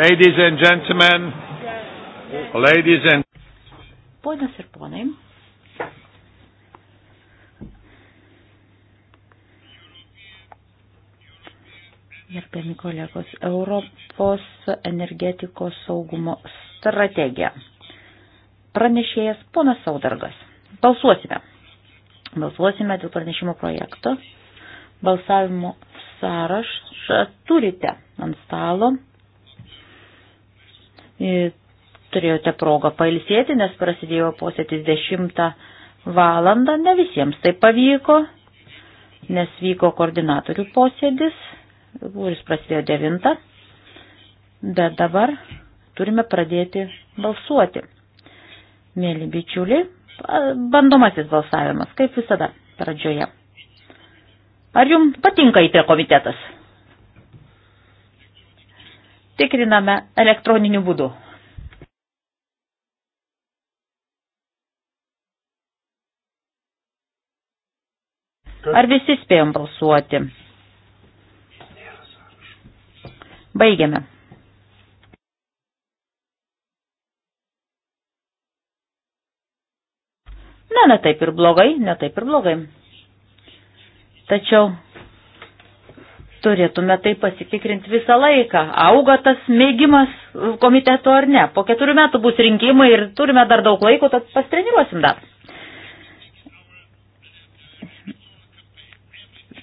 Ladies and gentlemen, ladies and. Ponios ir ponai. Gerbiami kolegos, Europos energetikos saugumo strategija. Pranešėjas ponas Saudargas. Balsuosime. Balsuosime dėl pranešimo projekto. Balsavimo sąrašą turite ant stalo. E, turėjote progą pailsėti, nes prasidėjo posėtis 10 valandą, ne visiems tai pavyko, nes vyko koordinatorių posėdis, kuris prasidėjo 9, bet dabar turime pradėti balsuoti. Mėly bičiuliai, bandomasis balsavimas, kaip visada pradžioje. Ar jums patinka IT komitetas? tikriname elektroniniu būdu. Ar visi spėjom balsuoti? Baigiame. Na, ne taip ir blogai, ne taip ir blogai. Tačiau turėtume tai pasitikrinti visą laiką. Auga tas mėgimas komiteto ar ne. Po keturių metų bus rinkimai ir turime dar daug laiko, tad pastreniruosim dar.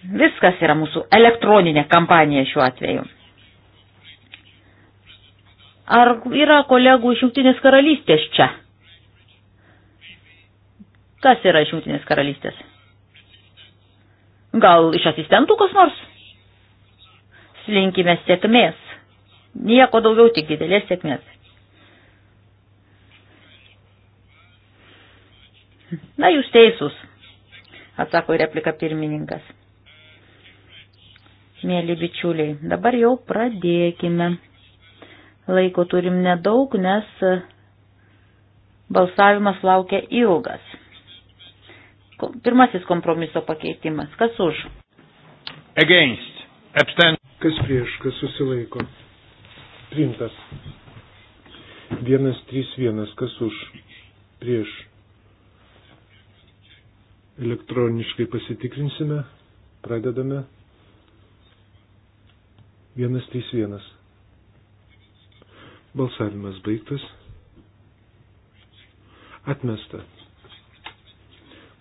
Viskas yra mūsų elektroninė kampanija šiuo atveju. Ar yra kolegų iš Jungtinės karalystės čia? Kas yra iš Jungtinės karalystės? Gal iš asistentų kas nors? linkime sėkmės. Nieko daugiau, tik didelės sėkmės. Na, jūs teisūs, atsako į repliką pirmininkas. Mėly bičiuliai, dabar jau pradėkime. Laiko turim nedaug, nes e, balsavimas laukia ilgas. Pirmasis kompromiso pakeitimas. Kas už? Against. Abstain. Kas prieš, kas susilaiko? Priimtas. Vienas, trys, vienas. Kas už? Prieš. Elektroniškai pasitikrinsime. Pradedame. Vienas, trys, vienas. Balsavimas baigtas. Atmesta.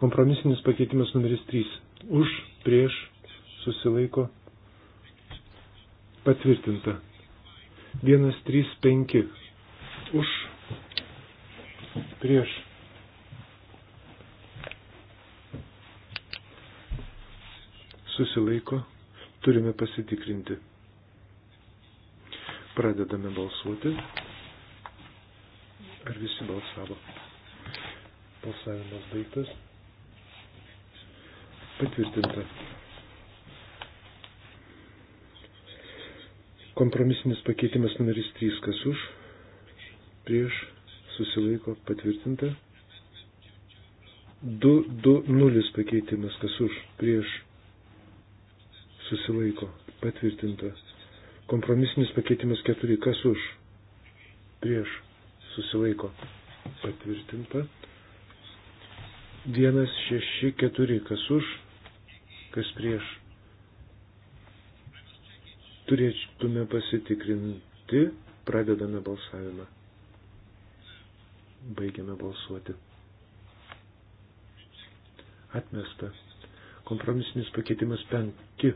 Kompromisinis pakeitimas numeris 3. Už, prieš, susilaiko, Patvirtinta. 135. Už. Prieš. Susilaiko. Turime pasitikrinti. Pradedame balsuoti. Ar visi balsavo? Balsavimas baigtas. Patvirtinta. Kompromisinis pakeitimas numeris 3, kas už, prieš, susilaiko, patvirtinta. 2-2-0 pakeitimas, kas už, prieš, susilaiko, patvirtinta. Kompromisinis pakeitimas 4, kas už, prieš, susilaiko, patvirtinta. 1-6-4, kas už, kas prieš, turėtume pasitikrinti, pradedame balsavimą. Baigiame balsuoti. Atmesta. Kompromisinis pakeitimas penki.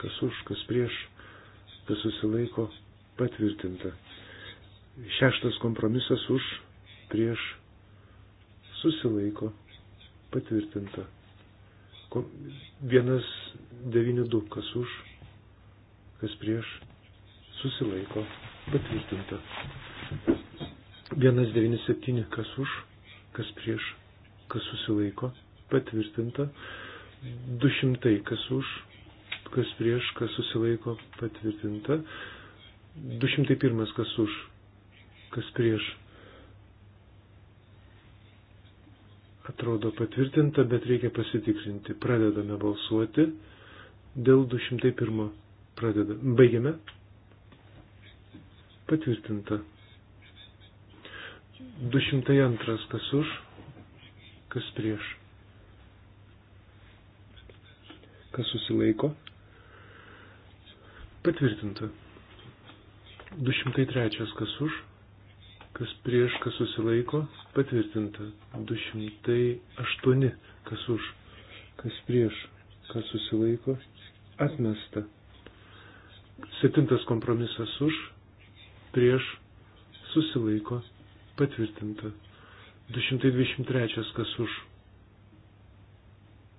Kas už, kas prieš, kas susilaiko, patvirtinta. Šeštas kompromisas už, prieš, susilaiko, patvirtinta. Vienas devyni du, kas už, kas prieš susilaiko patvirtinta. 197 kas už, kas prieš, kas susilaiko patvirtinta. 200 kas už, kas prieš, kas susilaiko patvirtinta. 201 kas už, kas prieš. Atrodo patvirtinta, bet reikia pasitikrinti. Pradedame balsuoti dėl 201. Pradeda. Baigiame. Patvirtinta. 202. Kas už, kas prieš. Kas susilaiko. Patvirtinta. 203. Kas už, kas prieš, kas susilaiko. Patvirtinta. 208. Kas už, kas prieš, kas susilaiko. Atmesta. Septintas kompromisas už, prieš, susilaiko, patvirtinta. 223 kas už,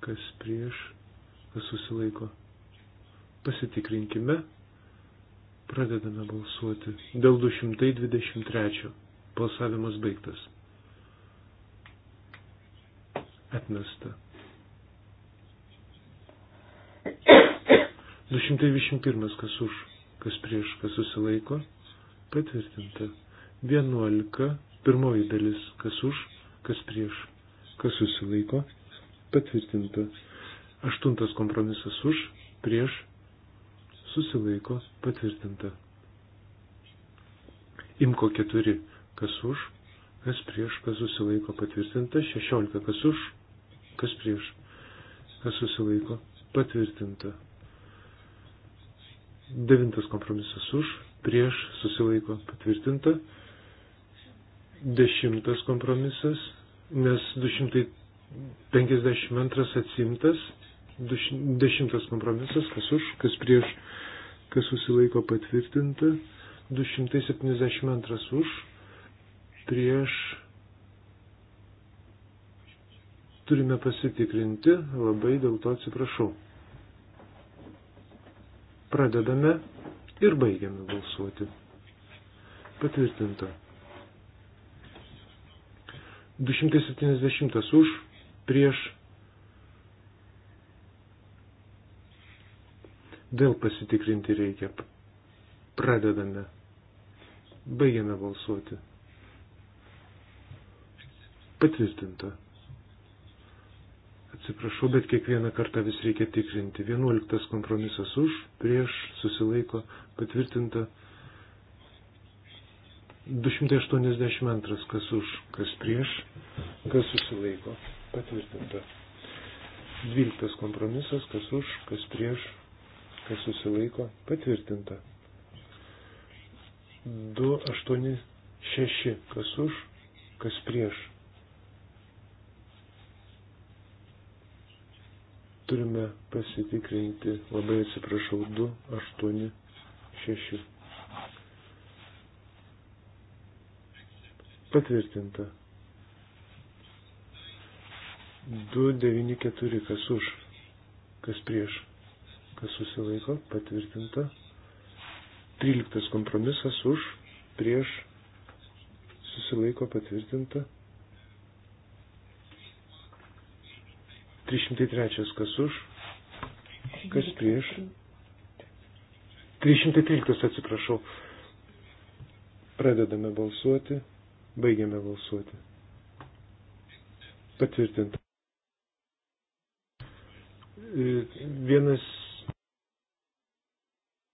kas prieš, kas susilaiko. Pasitikrinkime, pradedame balsuoti dėl 223. Balsavimas baigtas. Atmesta. 221 kas už, kas prieš, kas susilaiko, patvirtinta. 11 pirmoji dalis kas už, kas prieš, kas susilaiko, patvirtinta. 8 kompromisas už, prieš, susilaiko, patvirtinta. Imko 4 kas už, kas prieš, kas susilaiko, patvirtinta. 16 kas už, kas prieš, kas susilaiko, patvirtinta. Devintas kompromisas už, prieš susilaiko patvirtinta. Dešimtas kompromisas, nes 252 atsimtas. Dešimtas kompromisas, kas už, kas prieš, kas susilaiko patvirtinta. 272 už, prieš turime pasitikrinti, labai dėl to atsiprašau. Pradedame ir baigiame balsuoti. Patvirtinta. 270 už, prieš. Vėl pasitikrinti reikia. Pradedame. Baigiame balsuoti. Patvirtinta. Atsiprašau, bet kiekvieną kartą vis reikia tikrinti. Vienuoliktas kompromisas už, prieš, susilaiko, patvirtinta. 282, kas už, kas prieš, kas susilaiko, patvirtinta. 12 kompromisas, kas už, kas prieš, kas susilaiko, patvirtinta. 286, kas už, kas prieš, Turime pasitikrinti, labai atsiprašau, 2, 8, 6. Patvirtinta. 2, 9, 4, kas už, kas prieš, kas susilaiko, patvirtinta. 13 kompromisas už, prieš, susilaiko patvirtinta. 303 kas už, kas prieš. 313 atsiprašau. Pradedame balsuoti, baigiame balsuoti. Patvirtinta. Vienas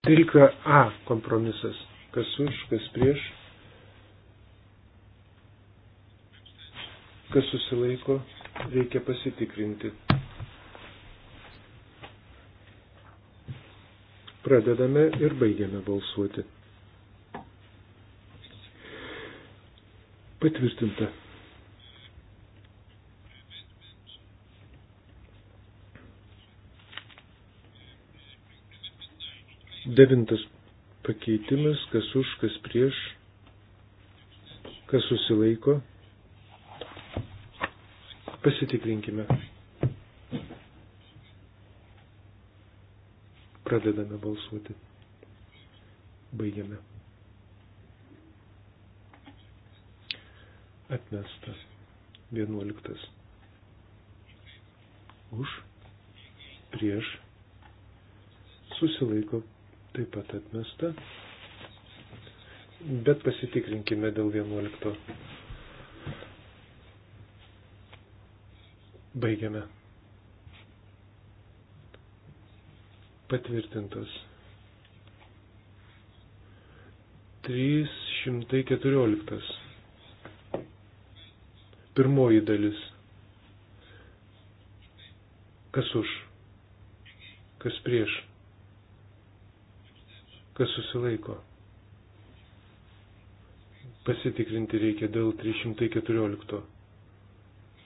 13a kompromisas. Kas už, kas prieš. Kas susilaiko reikia pasitikrinti. Pradedame ir baigiame balsuoti. Patvirtinta. Devintas pakeitimas, kas už, kas prieš, kas susilaiko. Pasitikrinkime. Pradedame balsuoti. Baigiame. Atmestas. Vienuoliktas. Už. Prieš. Susilaiko. Taip pat atmesta. Bet pasitikrinkime dėl vienuolikto. Baigiame. Patvirtintas. 314. Pirmoji dalis. Kas už? Kas prieš? Kas susilaiko? Pasitikrinti reikia dėl 314.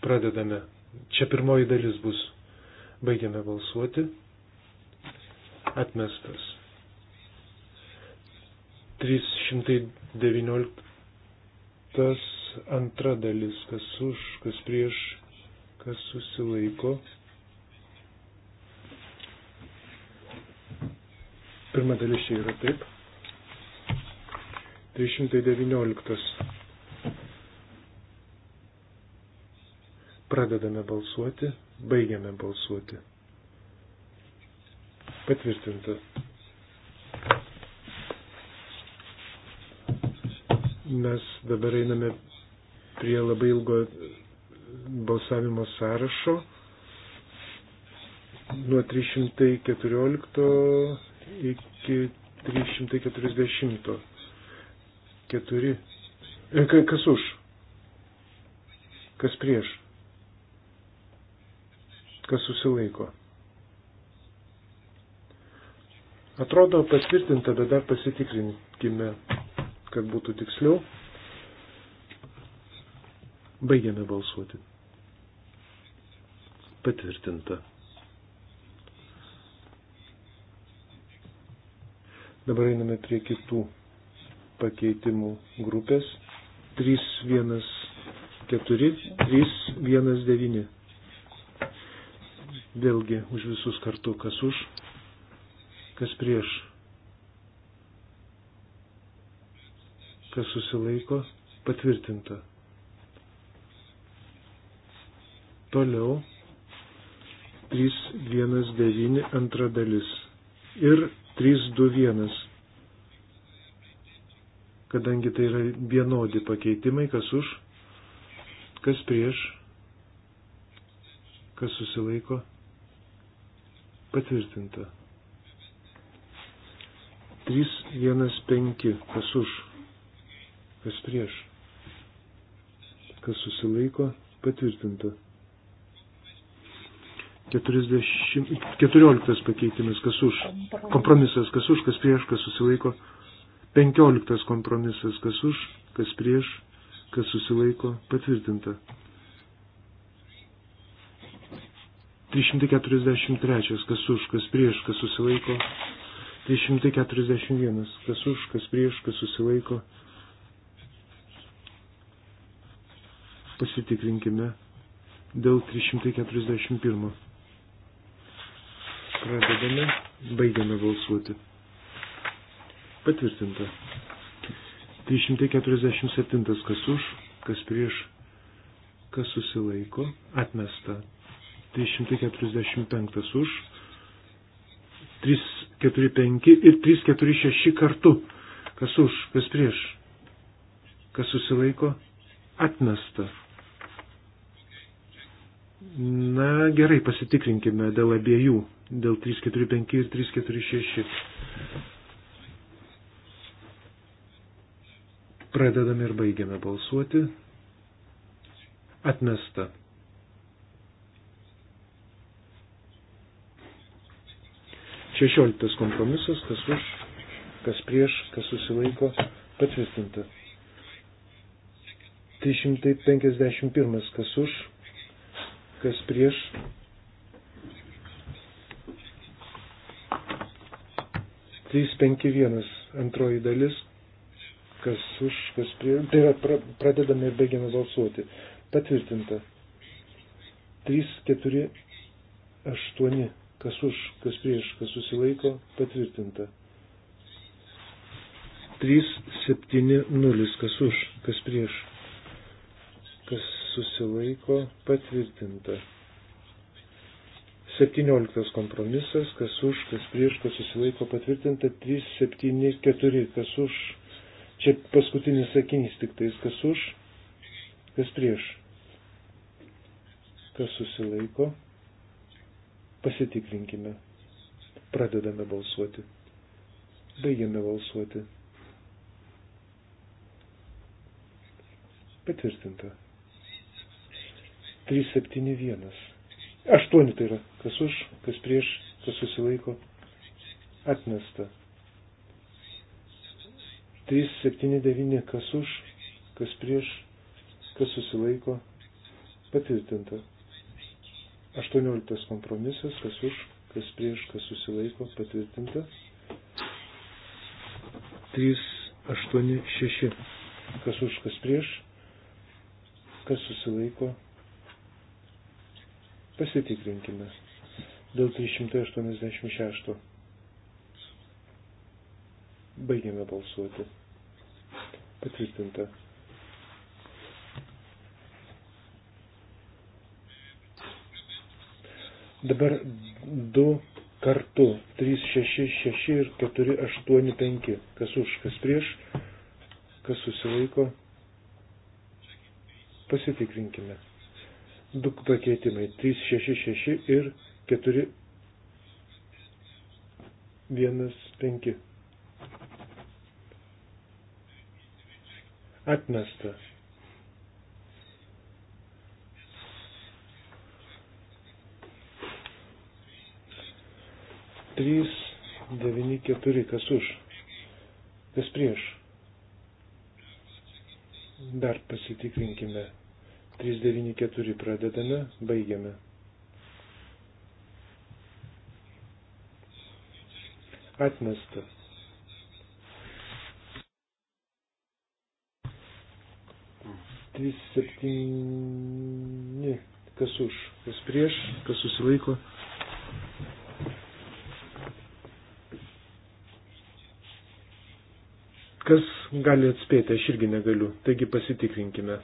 Pradedame. Čia pirmoji dalis bus. Baigiame balsuoti. Atmestas. 319 antra dalis, kas už, kas prieš, kas susilaiko. Pirma dalis čia yra taip. 319. Pradedame balsuoti, baigiame balsuoti. Patvirtinta. Mes dabar einame prie labai ilgo balsavimo sąrašo nuo 314 iki 340. Keturi. E, kas už? Kas prieš? kas susilaiko. Atrodo patvirtinta, bet dar pasitikrinkime, kad būtų tiksliau. Baigiame balsuoti. Patvirtinta. Dabar einame prie kitų pakeitimų grupės. 3, 1, 4, 3, 1, 9. Vėlgi už visus kartu, kas už, kas prieš, kas susilaiko, patvirtinta. Toliau 319 antra dalis ir 321. Kadangi tai yra vienodi pakeitimai, kas už, kas prieš, kas susilaiko, Patvirtinta. 315. Kas už? Kas prieš? Kas susilaiko? Patvirtinta. 40, 14 pakeitimas, kas už. Kompromisas, kas už, kas prieš, kas susilaiko. 15 kompromisas, kas už, kas prieš, kas susilaiko. Patvirtinta. 343, kas už, kas prieš, kas susilaiko. 341, kas už, kas prieš, kas susilaiko. Pasitikrinkime dėl 341. Pradedame, baigiame balsuoti. Patvirtinta. 347, kas už, kas prieš, kas susilaiko, atmesta. 345 už, 345 ir 346 kartu. Kas už, kas prieš, kas susilaiko, atmesta. Na gerai, pasitikrinkime dėl abiejų, dėl 345 ir 346. Pradedame ir baigiame balsuoti. Atmesta. Šešioliktas kompromisas, kas už, kas prieš, kas susilaiko, patvirtinta. 351, kas už, kas prieš. Trys penki vienas, antroji dalis, kas už, kas prieš. Tai yra, pra, pradedame ir baigiame balsuoti. Patvirtinta. 3, 4, 8 kas už, kas prieš, kas susilaiko, patvirtinta. 370, kas už, kas prieš, kas susilaiko, patvirtinta. 17 kompromisas, kas už, kas prieš, kas susilaiko, patvirtinta. 374, kas už, čia paskutinis sakinys tik tais, kas už, kas prieš, kas susilaiko, Pasitikrinkime. Pradedame balsuoti. Baigiame balsuoti. Patvirtinta. 371. 8 tai yra. Kas už, kas prieš, kas susilaiko. Atmesta. 379. Kas už, kas prieš, kas susilaiko. Patvirtinta. 18 kompromisas, kas už, kas prieš, kas susilaiko, patvirtinta. 3, 8, 6, kas už, kas prieš, kas susilaiko, pasitikrinkime dėl 386. Baigėme balsuoti. Patvirtinta. Dabar du kartu 366 ir 485. Kas už, kas prieš, kas susilaiko. Pasitikrinkime. Du pakeitimai 366 ir 415. Atmesta. 3, 9, 4, kas už, kas prieš. Dar pasitikrinkime. 3, 9, 4 pradedame, baigiame. Atmesta. Trys septyni. Kas už, kas prieš, kas susilaiko. Kas gali atspėti, aš irgi negaliu. Taigi pasitikrinkime.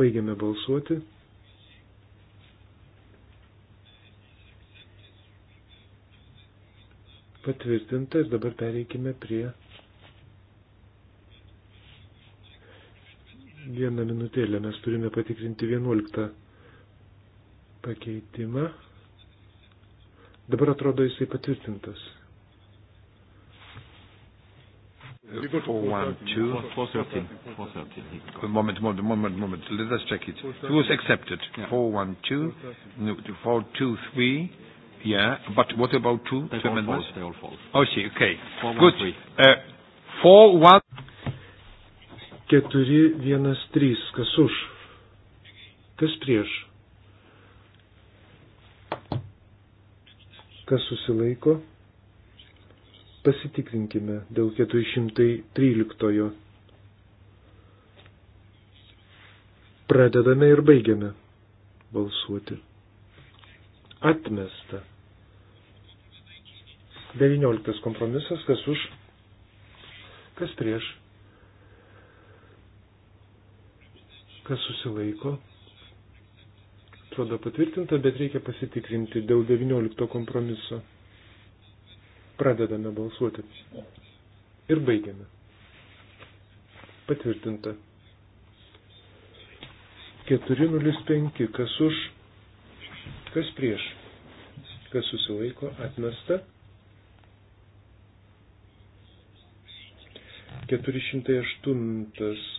Baigiame balsuoti. Patvirtinta ir dabar pereikime prie vieną minutėlę. Mes turime patikrinti 11 pakeitimą. Dabar atrodo jisai patvirtintas. 412. 413. 413. Moment, moment, moment, moment. Let us check it. It was accepted. Yeah. 412. 423. Yeah. But what about two, That's two amendments? False. They all false. Oh, see. Okay. Good. Uh, 413. 413. Kas už? Kas prieš? Kas susilaiko? Pasitikrinkime dėl 413. Pradedame ir baigiame balsuoti. Atmesta. 19 kompromisas, kas už, kas prieš, kas susilaiko. Atrodo patvirtinta, bet reikia pasitikrinti dėl 19 kompromiso. Pradedame balsuoti. Ir baigiame. Patvirtinta. 405. Kas už, kas prieš, kas susilaiko, atmesta. 408.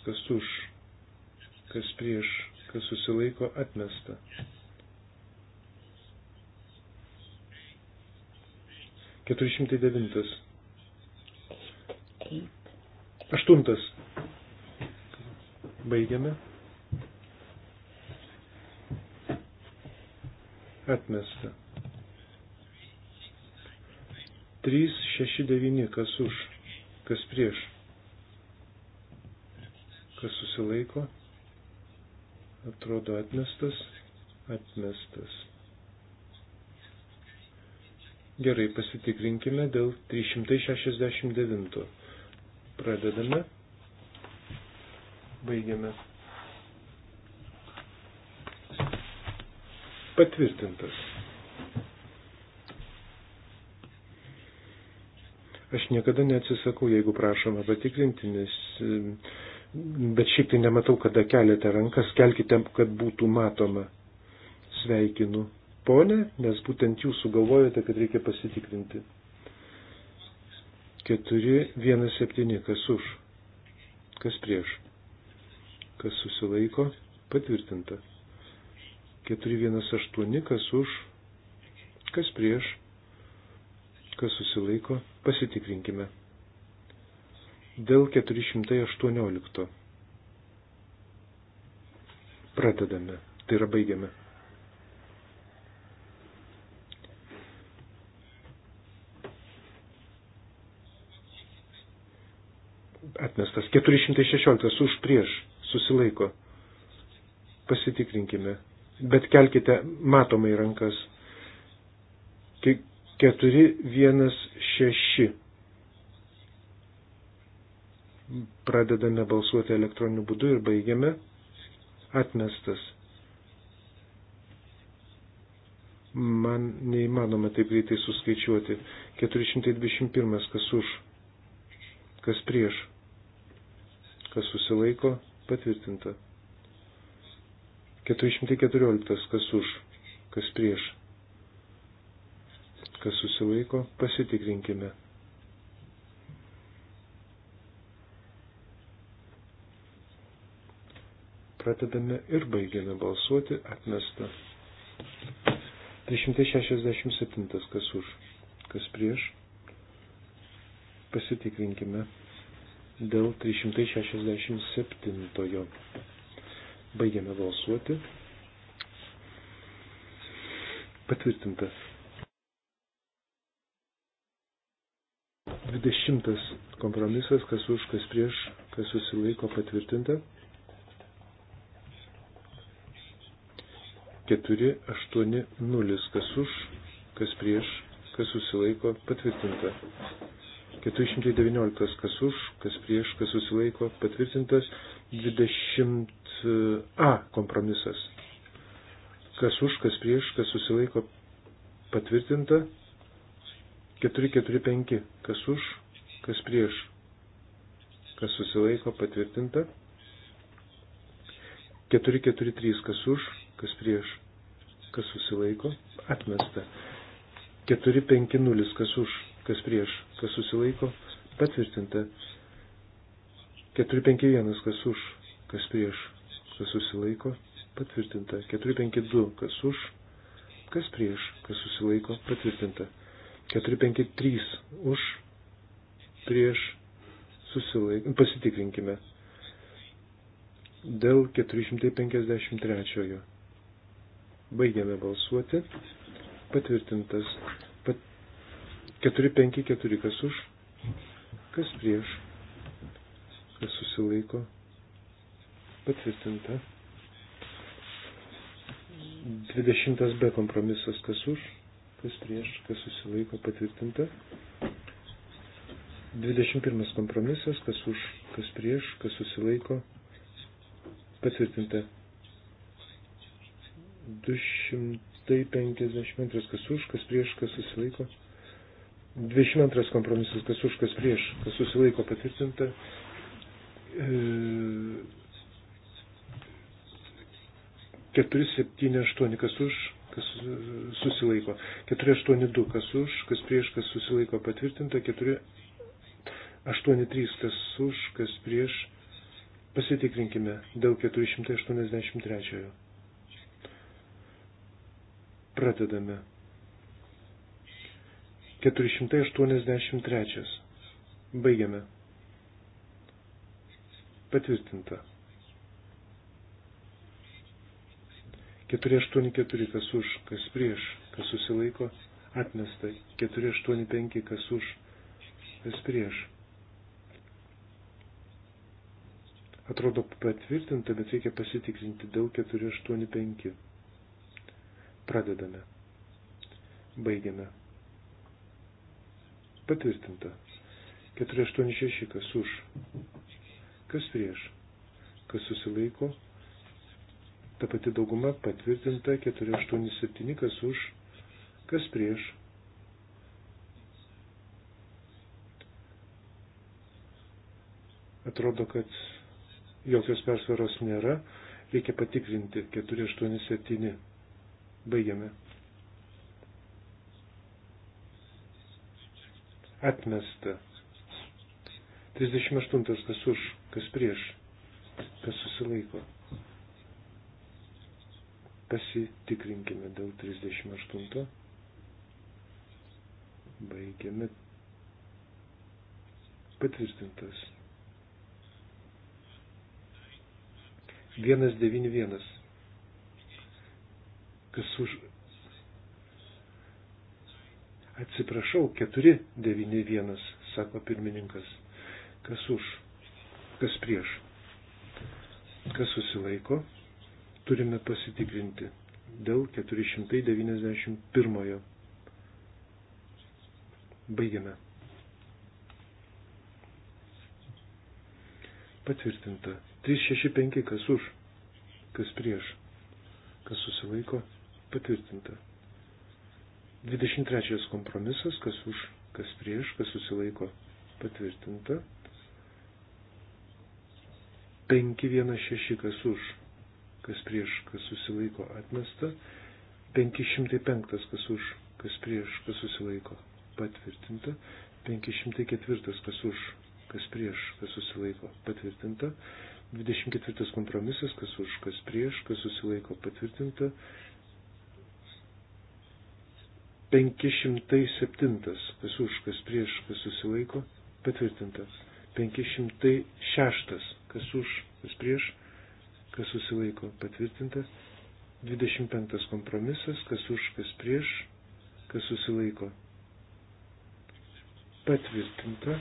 Kas už, kas prieš, kas susilaiko, atmesta. 409. Aštuntas. Baigiame. Atmesta. 369. Kas už? Kas prieš? Kas susilaiko? Atrodo atmestas. Atmestas. Gerai, pasitikrinkime dėl 369. Pradedame. Baigiame. Patvirtintas. Aš niekada neatsisakau, jeigu prašoma patikrinti, nes e, bet šiaip tai nematau, kada keliate rankas, kelkite, kad būtų matoma. Sveikinu ponė, nes būtent jūs sugalvojate, kad reikia pasitikrinti. 417, kas už, kas prieš, kas susilaiko, patvirtinta. 418, kas už, kas prieš, kas susilaiko, pasitikrinkime. Dėl 418. Pradedame, tai yra baigiame. atmestas. 416 už prieš susilaiko. Pasitikrinkime. Bet kelkite matomai rankas. 416. Pradedame balsuoti elektroniniu būdu ir baigiame. Atmestas. Man neįmanoma taip greitai suskaičiuoti. 421. Kas už? Kas prieš? kas susilaiko, patvirtinta. 414, kas už, kas prieš, kas susilaiko, pasitikrinkime. Pradedame ir baigiame balsuoti atmestą. 367, kas už, kas prieš, pasitikrinkime dėl 367. Baigiame balsuoti. Patvirtintas. 20. Kompromisas, kas už, kas prieš, kas susilaiko patvirtinta. 4, 8, 0, kas už, kas prieš, kas susilaiko patvirtinta. 419 kas už, kas prieš, kas susilaiko, patvirtintas 20a e, kompromisas. Kas už, kas prieš, kas susilaiko, patvirtinta 445 kas už, kas prieš, kas susilaiko, patvirtinta 443 kas už, kas prieš, kas susilaiko, atmesta 450 kas už kas prieš, kas susilaiko, patvirtinta. 451, kas už, kas prieš, kas susilaiko, patvirtinta. 452, kas už, kas prieš, kas susilaiko, patvirtinta. 453, už, prieš, susilaiko, pasitikrinkime. Dėl 453. Baigiame balsuoti. Patvirtintas. 454 kas už, kas prieš, kas susilaiko, patvirtinta. 20 be kompromisas kas už, kas prieš, kas susilaiko, patvirtinta. 21 kompromisas, kas už, kas prieš, kas susilaiko, patvirtinta. 252 kas už, kas prieš, kas susilaiko, patvirtinta. 22 kompromisas, kas už, kas prieš, kas susilaiko patvirtinta. E, keturi, septyni, aštuoni, kas už, kas susilaiko. Keturi, aštuoni, du, kas už, kas prieš, kas susilaiko patvirtinta. Keturi, aštuoni, trys, kas už, kas prieš. Pasitikrinkime dėl 483. Pradedame. 483. Baigiame. Patvirtinta. 484 kas už, kas prieš, kas susilaiko, atmesta. 485 kas už, kas prieš. Atrodo patvirtinta, bet reikia pasitikrinti dėl 485. Pradedame. Baigiame. Patvirtinta. 486 kas už. Kas prieš. Kas susilaiko. Ta pati dauguma patvirtinta. 487 kas už. Kas prieš. Atrodo, kad jokios persvaros nėra. Reikia patikrinti 487. Baigiame. Atmesta. 38. Kas už, kas prieš, kas susilaiko. Pasitikrinkime dėl 38. Baigiame. Patvirtintas. 191. Kas už, Atsiprašau, 491, sako pirmininkas. Kas už, kas prieš, kas susilaiko, turime pasitikrinti dėl 491. Baigiame. Patvirtinta. 365 kas už, kas prieš, kas susilaiko, patvirtinta. 23 kompromisas, kas už, kas prieš, kas susilaiko patvirtinta. 516, kas už, kas prieš, kas susilaiko atmesta. 505, kas už, kas prieš, kas susilaiko patvirtinta. 504, kas už, kas prieš, kas susilaiko patvirtinta. 24 kompromisas, kas už, kas prieš, kas susilaiko patvirtinta. 507. Kas už, kas prieš, kas susilaiko. Patvirtintas. 506. Kas už, kas prieš, kas susilaiko. Patvirtintas. 25. Kompromisas. Kas už, kas prieš, kas susilaiko. Patvirtinta.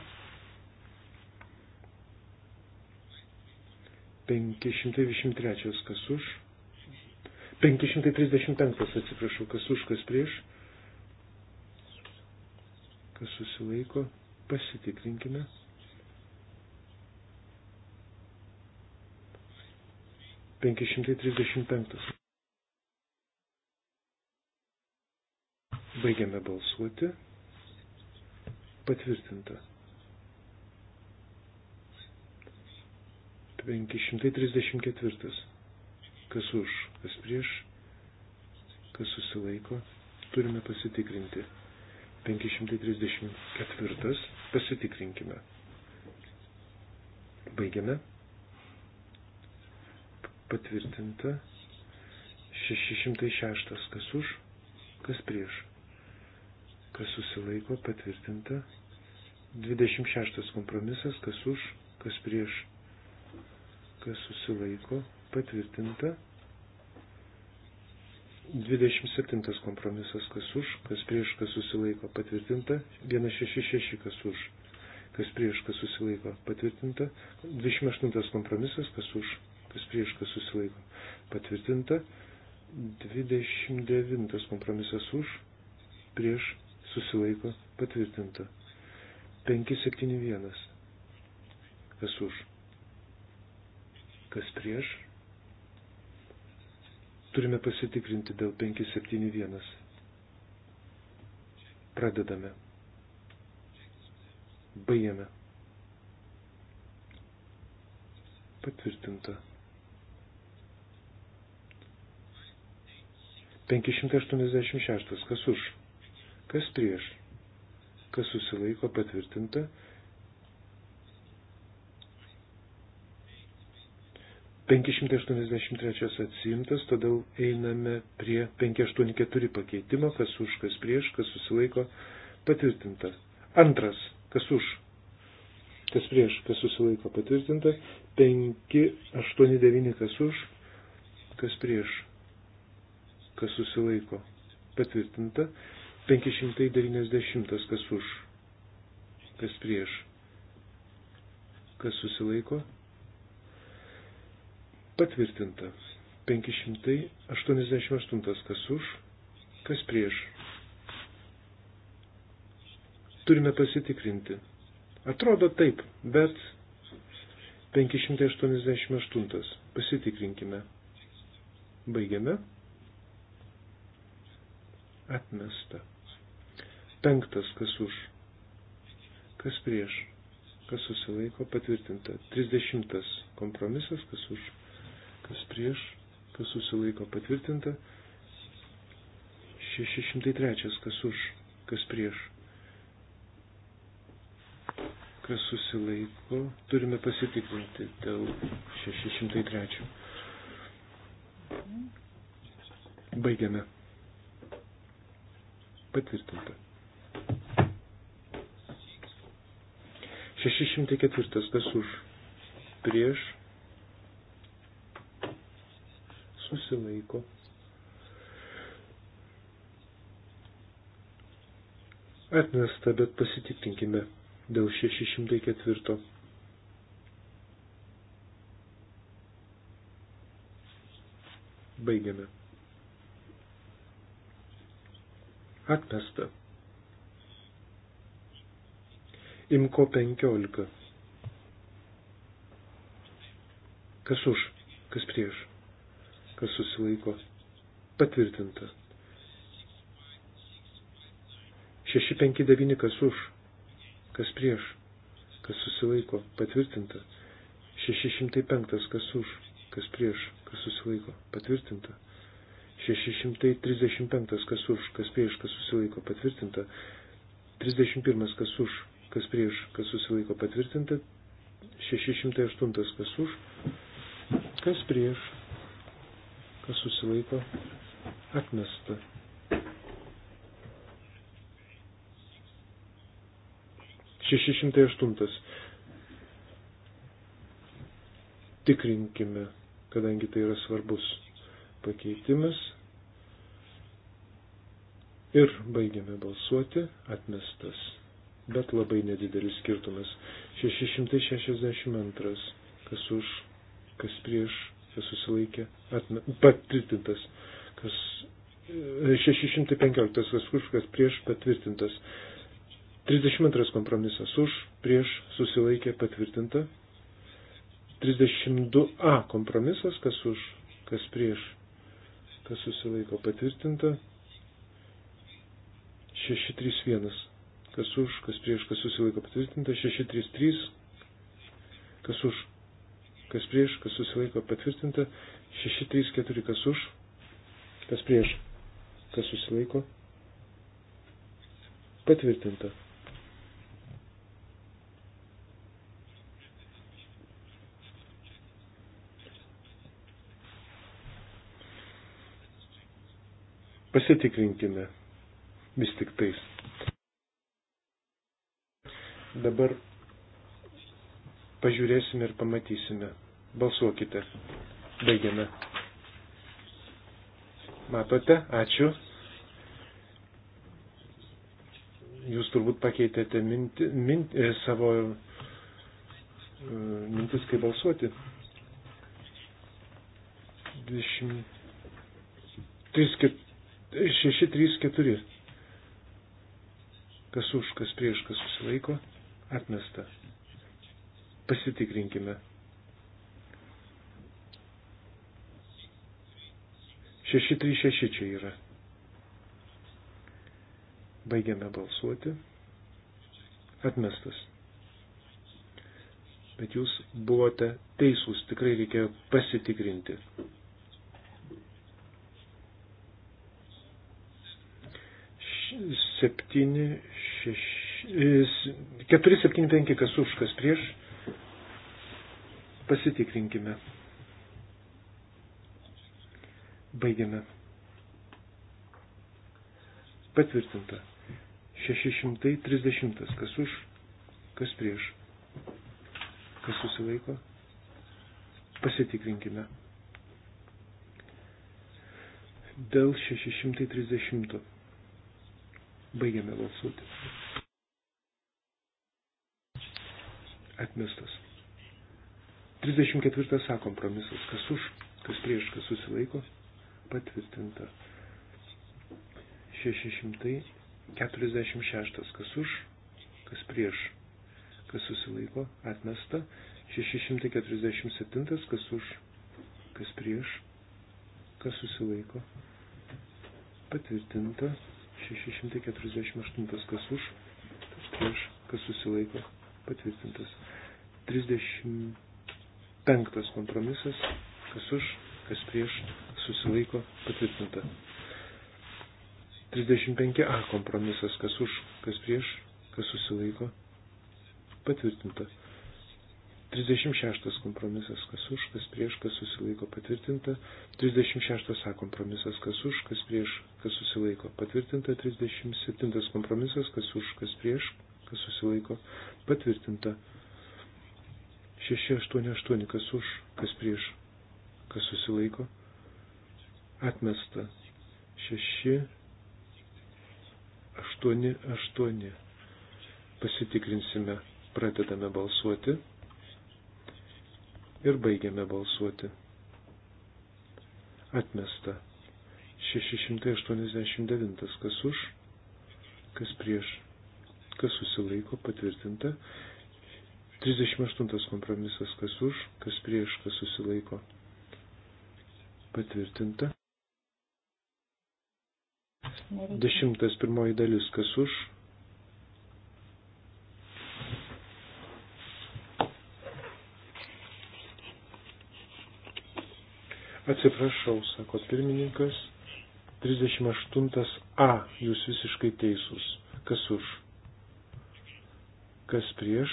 523. Kas už. 535. Atsiprašau. Kas už, kas prieš kas susilaiko, pasitikrinkime. Penkišimtai trisdešimt penktas. Baigiame balsuoti. Patvirtinta. 534. Kas už, kas prieš, kas susilaiko, turime pasitikrinti. 534 pasitikrinkime. Baigiame. Patvirtinta 606 kas už, kas prieš. Kas susilaiko patvirtinta 26 kompromisas kas už, kas prieš. Kas susilaiko patvirtinta 27 kompromisas, kas už, kas prieš, kas susilaiko patvirtinta, 166 kas už, kas prieš, kas susilaiko patvirtinta, 28 kompromisas, kas už, kas prieš, kas susilaiko patvirtinta, 29 kompromisas už, prieš, susilaiko patvirtinta, 571 kas už, kas prieš, Turime pasitikrinti dėl 571. Pradedame. Baigiame. Patvirtinta. 586. Kas už? Kas prieš? Kas susilaiko patvirtinta? 583 atsimtas, todėl einame prie 584 pakeitimo, kas už, kas prieš, kas susilaiko patvirtintas. Antras, kas už, kas prieš, kas susilaiko patvirtintas. 589, kas už, kas prieš, kas susilaiko patvirtinta. 590, kas už, kas prieš, kas susilaiko patvirtinta Patvirtinta. 588 kas už, kas prieš. Turime pasitikrinti. Atrodo taip, bet 588. Pasitikrinkime. Baigiame. Atmesta. Penktas kas už, kas prieš, kas susilaiko patvirtinta. 30. Kompromisas kas už kas prieš, kas susilaiko patvirtinta. 603, kas už, kas prieš, kas susilaiko, turime pasitikrinti dėl 603. Baigiame. Patvirtinta. 604, kas už, prieš, susilaiko. Atmesta, bet pasitikrinkime dėl 604. Baigiame. Atmesta. Imko 15. Kas už, kas prieš kas susilaiko patvirtinta. 659 kas už, kas prieš, kas susilaiko patvirtinta. 605 kas už, kas prieš, kas susilaiko patvirtinta. 635 kas už, kas prieš, kas susilaiko patvirtinta. 31 kas už, kas prieš, kas susilaiko patvirtinta. 608 kas už, kas prieš, kas susilaiko atmesta. Šeši šimtai aštuntas. Tikrinkime, kadangi tai yra svarbus pakeitimas. Ir baigiame balsuoti atmestas. Bet labai nedidelis skirtumas. 662. Kas už, kas prieš kas susilaikė, atmet, patvirtintas, kas 615, e, kas už, kas prieš patvirtintas. 32 kompromisas už, prieš susilaikė patvirtinta. 32a kompromisas, kas už, kas prieš, kas susilaiko patvirtinta. 631, kas už, kas prieš, kas susilaiko patvirtinta. 633, kas už, kas prieš, kas susilaiko patvirtinta, 634 kas už, kas prieš, kas susilaiko patvirtinta. Pasitikrinkime vis tik tais. Dabar Pažiūrėsime ir pamatysime. Balsuokite. Baigiame. Matote? Ačiū. Jūs turbūt pakeitėte minti, minti, e, savo e, mintis, kaip balsuoti. 20. 3, 6, 3, 4. Kas už, kas prieš, kas susilaiko, atmesta. Pasitikrinkime. 636 čia yra. Baigiame balsuoti. Atmestas. Bet jūs buvote teisūs, tikrai reikėjo pasitikrinti. Septyni, šeši, e, keturi, septyni, penki, kas už, kas prieš. Pasitikrinkime. Baigiame. Patvirtinta. 630. Kas už, kas prieš. Kas susilaiko. Pasitikrinkime. Dėl 630. Baigiame balsuoti. Atmestas. 34 A kompromisas. Kas už, kas prieš, kas susilaiko, patvirtinta. 646. Kas už, kas prieš, kas susilaiko, atmesta. 647. Kas už, kas prieš, kas susilaiko, patvirtinta. 648. Kas už, kas prieš, kas susilaiko, patvirtintas. 30. Penktas kompromisas, kas už, kas prieš, susilaiko patvirtinta. 35a kompromisas, kas už, kas prieš, kas susilaiko patvirtinta. 36 kompromisas, kas už, kas prieš, kas susilaiko patvirtinta. 36a kompromisas, kas už, kas prieš, kas susilaiko patvirtinta. 37 kompromisas, kas už, kas prieš, kas susilaiko patvirtinta. 688, kas už, kas prieš, kas susilaiko. Atmesta. 688. Pasitikrinsime, pradedame balsuoti ir baigiame balsuoti. Atmesta. 689, kas už, kas prieš, kas susilaiko, patvirtinta. 38 kompromisas, kas už, kas prieš, kas susilaiko. Patvirtinta. Dešimtas pirmoji dalis, kas už. Atsiprašau, sako pirmininkas. 38 A, jūs visiškai teisūs. Kas už? Kas prieš?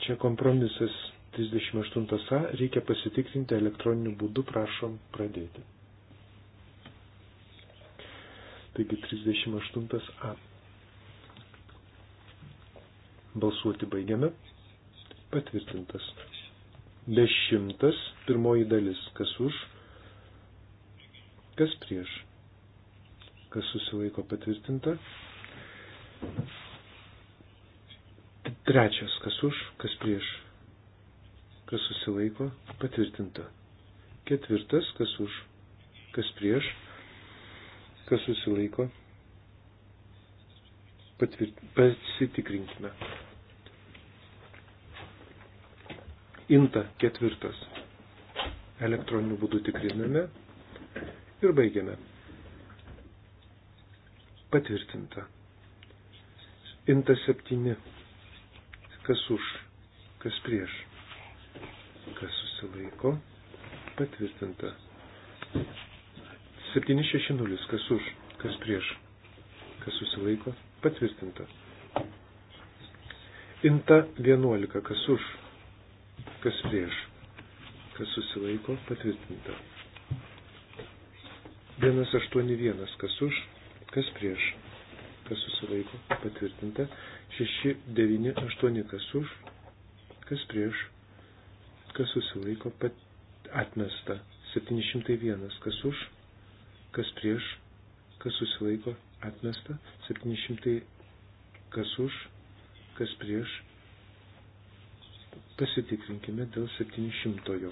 Čia kompromisas 38a reikia pasitikrinti elektroniniu būdu, prašom pradėti. Taigi 38a. Balsuoti baigiame. Patvirtintas. Dešimtas, pirmoji dalis. Kas už, kas prieš. Kas susilaiko patvirtinta. Trečias, kas už, kas prieš, kas susilaiko, patvirtinta. Ketvirtas, kas už, kas prieš, kas susilaiko, patvirt, pasitikrinkime. Inta ketvirtas. Elektroniniu būdu tikriname ir baigiame. Patvirtinta. Inta septyni Kas už, kas prieš, kas susilaiko, patvirtinta. 760, kas už, kas prieš, kas susilaiko, patvirtinta. Inta 11, kas už, kas prieš, kas susilaiko, patvirtinta. 181, kas už, kas prieš, kas susilaiko, patvirtinta. 698, kas už, kas prieš, kas susilaiko, pat... atmesta. 701, kas už, kas prieš, kas susilaiko, atmesta. 700, kas už, kas prieš. Pasitikrinkime dėl 700. -ojo.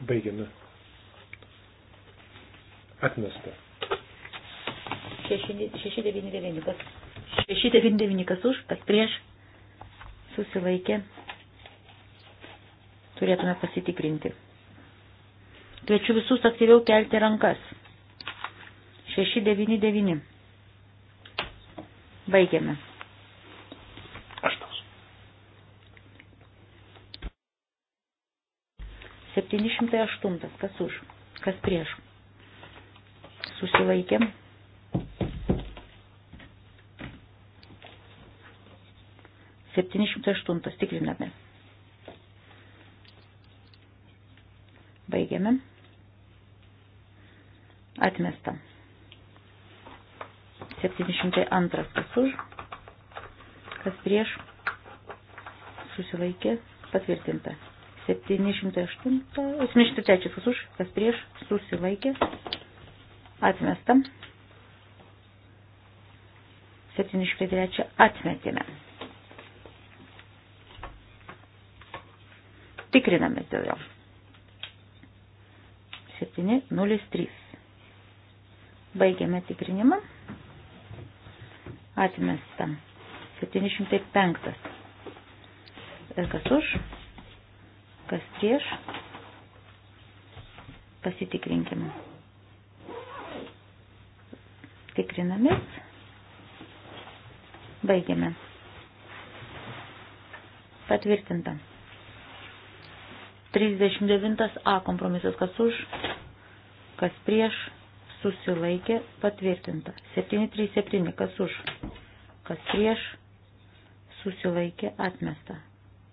Baigiame Atmesta. 699 kas. 699 kas už, kas prieš. Susilaikė. Turėtume pasitikrinti. Kviečiu visus aktyviau kelti rankas. 699. Baigiame. Aštuos. 708. Kas už? Kas prieš? susilaikė. Septyni šimtai aštuntas tikriname. Baigiame. Atmesta. 702 kas už, kas prieš, susilaikė, patvirtinta. 708, 703 kas už, kas prieš, susilaikė, Atmesta. 703 atmetėme. Tikriname dėl jo. 703. Baigiame tikrinimą. Atmesta. 705. Ir kas už, kas prieš, pasitikrinkime tikrinamės. Baigiame. Patvirtinta. 39a kompromisas kas už, kas prieš, susilaikė, patvirtinta. 737 kas už, kas prieš, susilaikė, atmesta.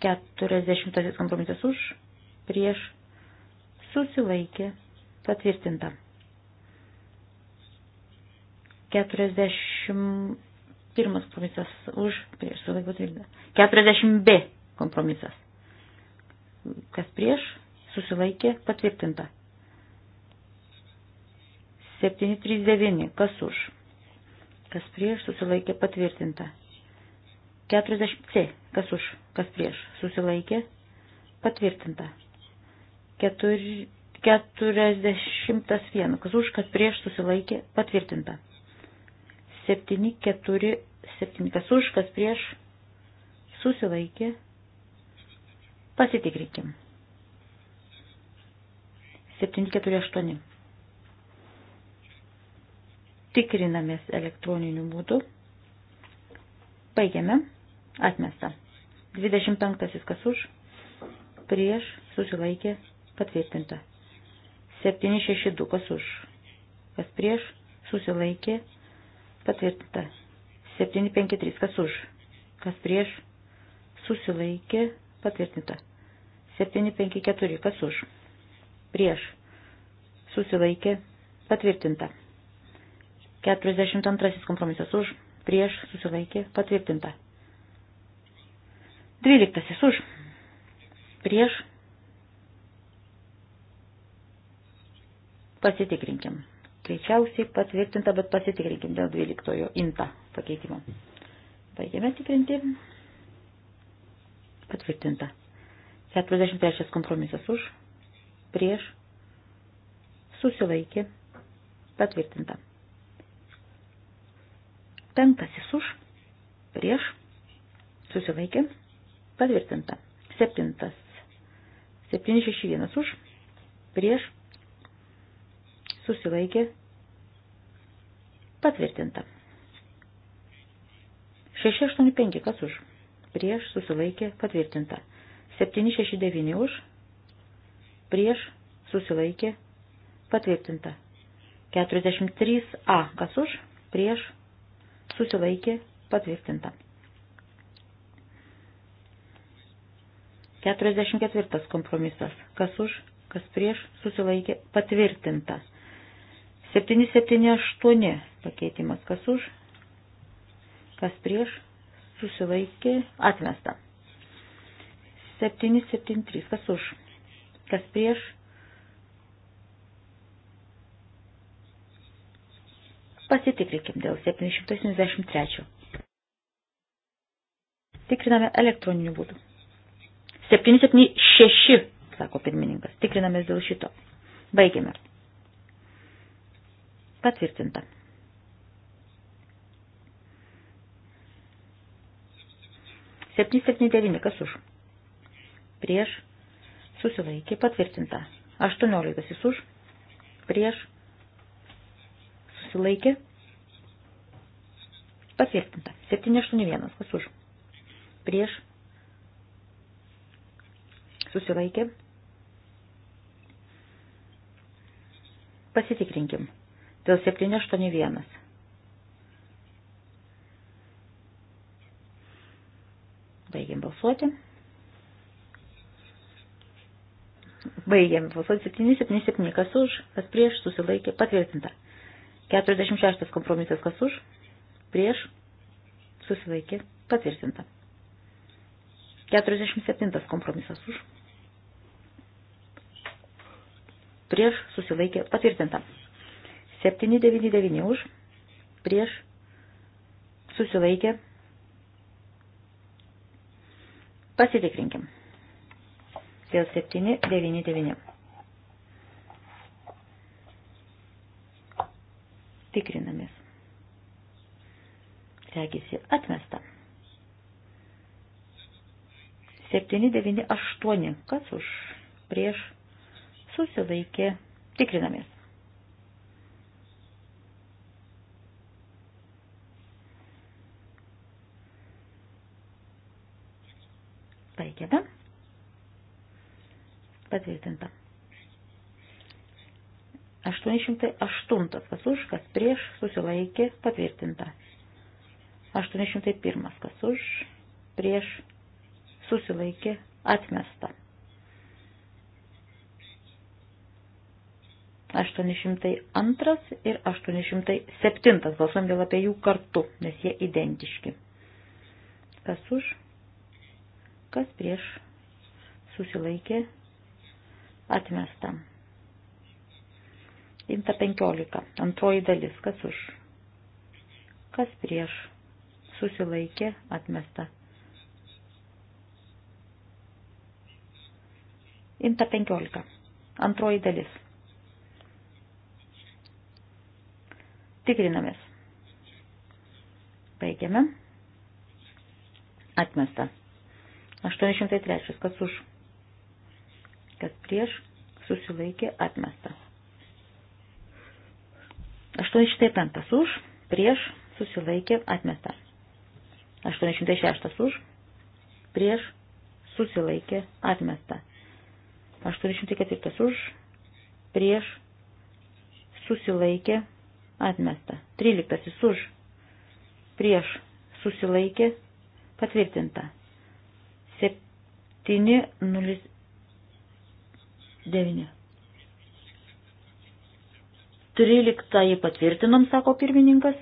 40 kompromisas už, prieš, susilaikė, patvirtinta. 41 kompromisas už, prieš sulaiko tvirtinta. 40b kompromisas. Kas prieš, susilaikė patvirtinta. 739, kas už. Kas prieš, susilaikė patvirtinta. 40c, kas už, kas prieš, susilaikė patvirtinta. 4, 41, kas už, kas prieš, susilaikė patvirtinta. 7, 4, 7, kas už, kas prieš, susilaikė. Pasitikrinkim. 7, 4, 8. Tikrinamės elektroniniu būdu. Baigiame. Atmesta. 25 kas už, prieš, susilaikė, patvirtinta. 762 kas už, kas prieš, susilaikė, Patvirtinta. 753. Kas už? Kas prieš? Susilaikė. Patvirtinta. 754. Kas už? Prieš. Susilaikė. Patvirtinta. 42. Kompromisas už. Prieš. Susilaikė. Patvirtinta. 12. Už. Prieš. Pasitikrinkim. Greičiausiai patvirtinta, bet pasitikrinkim dėl 12 inta pakeitimo. Baigėme tikrinti. Patvirtinta. 43 kompromisas už, prieš, susilaikė, patvirtinta. Penktasis už, prieš, susilaikė, patvirtinta. Septintas. 761 už, prieš, susilaikė, Patvirtinta. 685 kas už. Prieš susilaikė patvirtinta. 769 už. Prieš susilaikė patvirtinta. 43a kas už. Prieš susilaikė patvirtinta. 44 kompromisas. Kas už, kas prieš susilaikė patvirtinta. 778 pakeitimas. Kas už? Kas prieš? Susilaikė. Atmesta. 773. Kas už? Kas prieš? Pasitikrikim dėl 773. Tikriname elektroniniu būdu. 776, sako pirmininkas. Tikrinamės dėl šito. Baigėme. Patvirtinta. Septyni septyni devyni, kas už? Prieš. Susilaikė patvirtinta. Aštuonioliktasis už. Prieš. Susilaikė. Patvirtinta. 781. Kas už? Prieš. Susilaikė. Pasitikrinkim dėl 781. Baigiam balsuoti. Baigiam balsuoti 777, kas už, kas prieš, susilaikė, patvirtinta. 46 kompromisas, kas už, prieš, susilaikė, patvirtinta. 47 kompromisas už, prieš, susilaikė, patvirtinta. 799 už, prieš, susilaikė. Pasitikrinkim. Dėl 799. Tikrinamės. Regisi atmesta. 798. Kas už? Prieš. Susilaikė. Tikrinamės. Baigėme. Patvirtinta. 808 kas už, kas prieš, susilaikė, patvirtinta. 801 kas už, prieš, susilaikė, atmesta. 802 ir 807 balsuom dėl apie jų kartu, nes jie identiški. Kas už, kas prieš susilaikė atmesta. Imta 15. Antroji dalis, kas už, kas prieš susilaikė atmesta. Imta 15. Antroji dalis. Tikrinamės. Baigiame. Atmesta. 803. Kas už? Kas prieš? Susilaikė atmesta. 805. Už? Prieš? Susilaikė atmesta. 806. Už? Prieš? Susilaikė atmesta. 804. Už? Prieš? Susilaikė atmesta. 13. Už? Prieš? Susilaikė patvirtinta. 709. 13 patvirtinom, sako pirmininkas.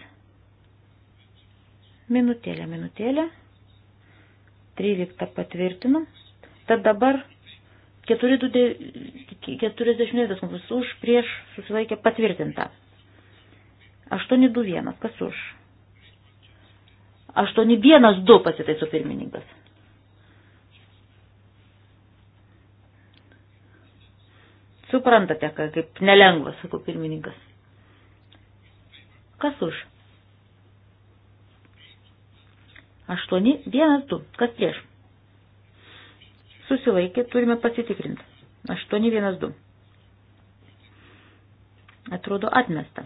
Minutėlė, minutėlė. 13 patvirtinom. Tad dabar 49 kompas už prieš susilaikė patvirtinta. 821, kas už? 812 pasitaiso pirmininkas. Suprantate, kaip nelengva, sako pirmininkas. Kas už? 8, 1, 2. Kas prieš? Susilaikė, turime pasitikrinti. 8, 1, 2. Atrodo atmesta.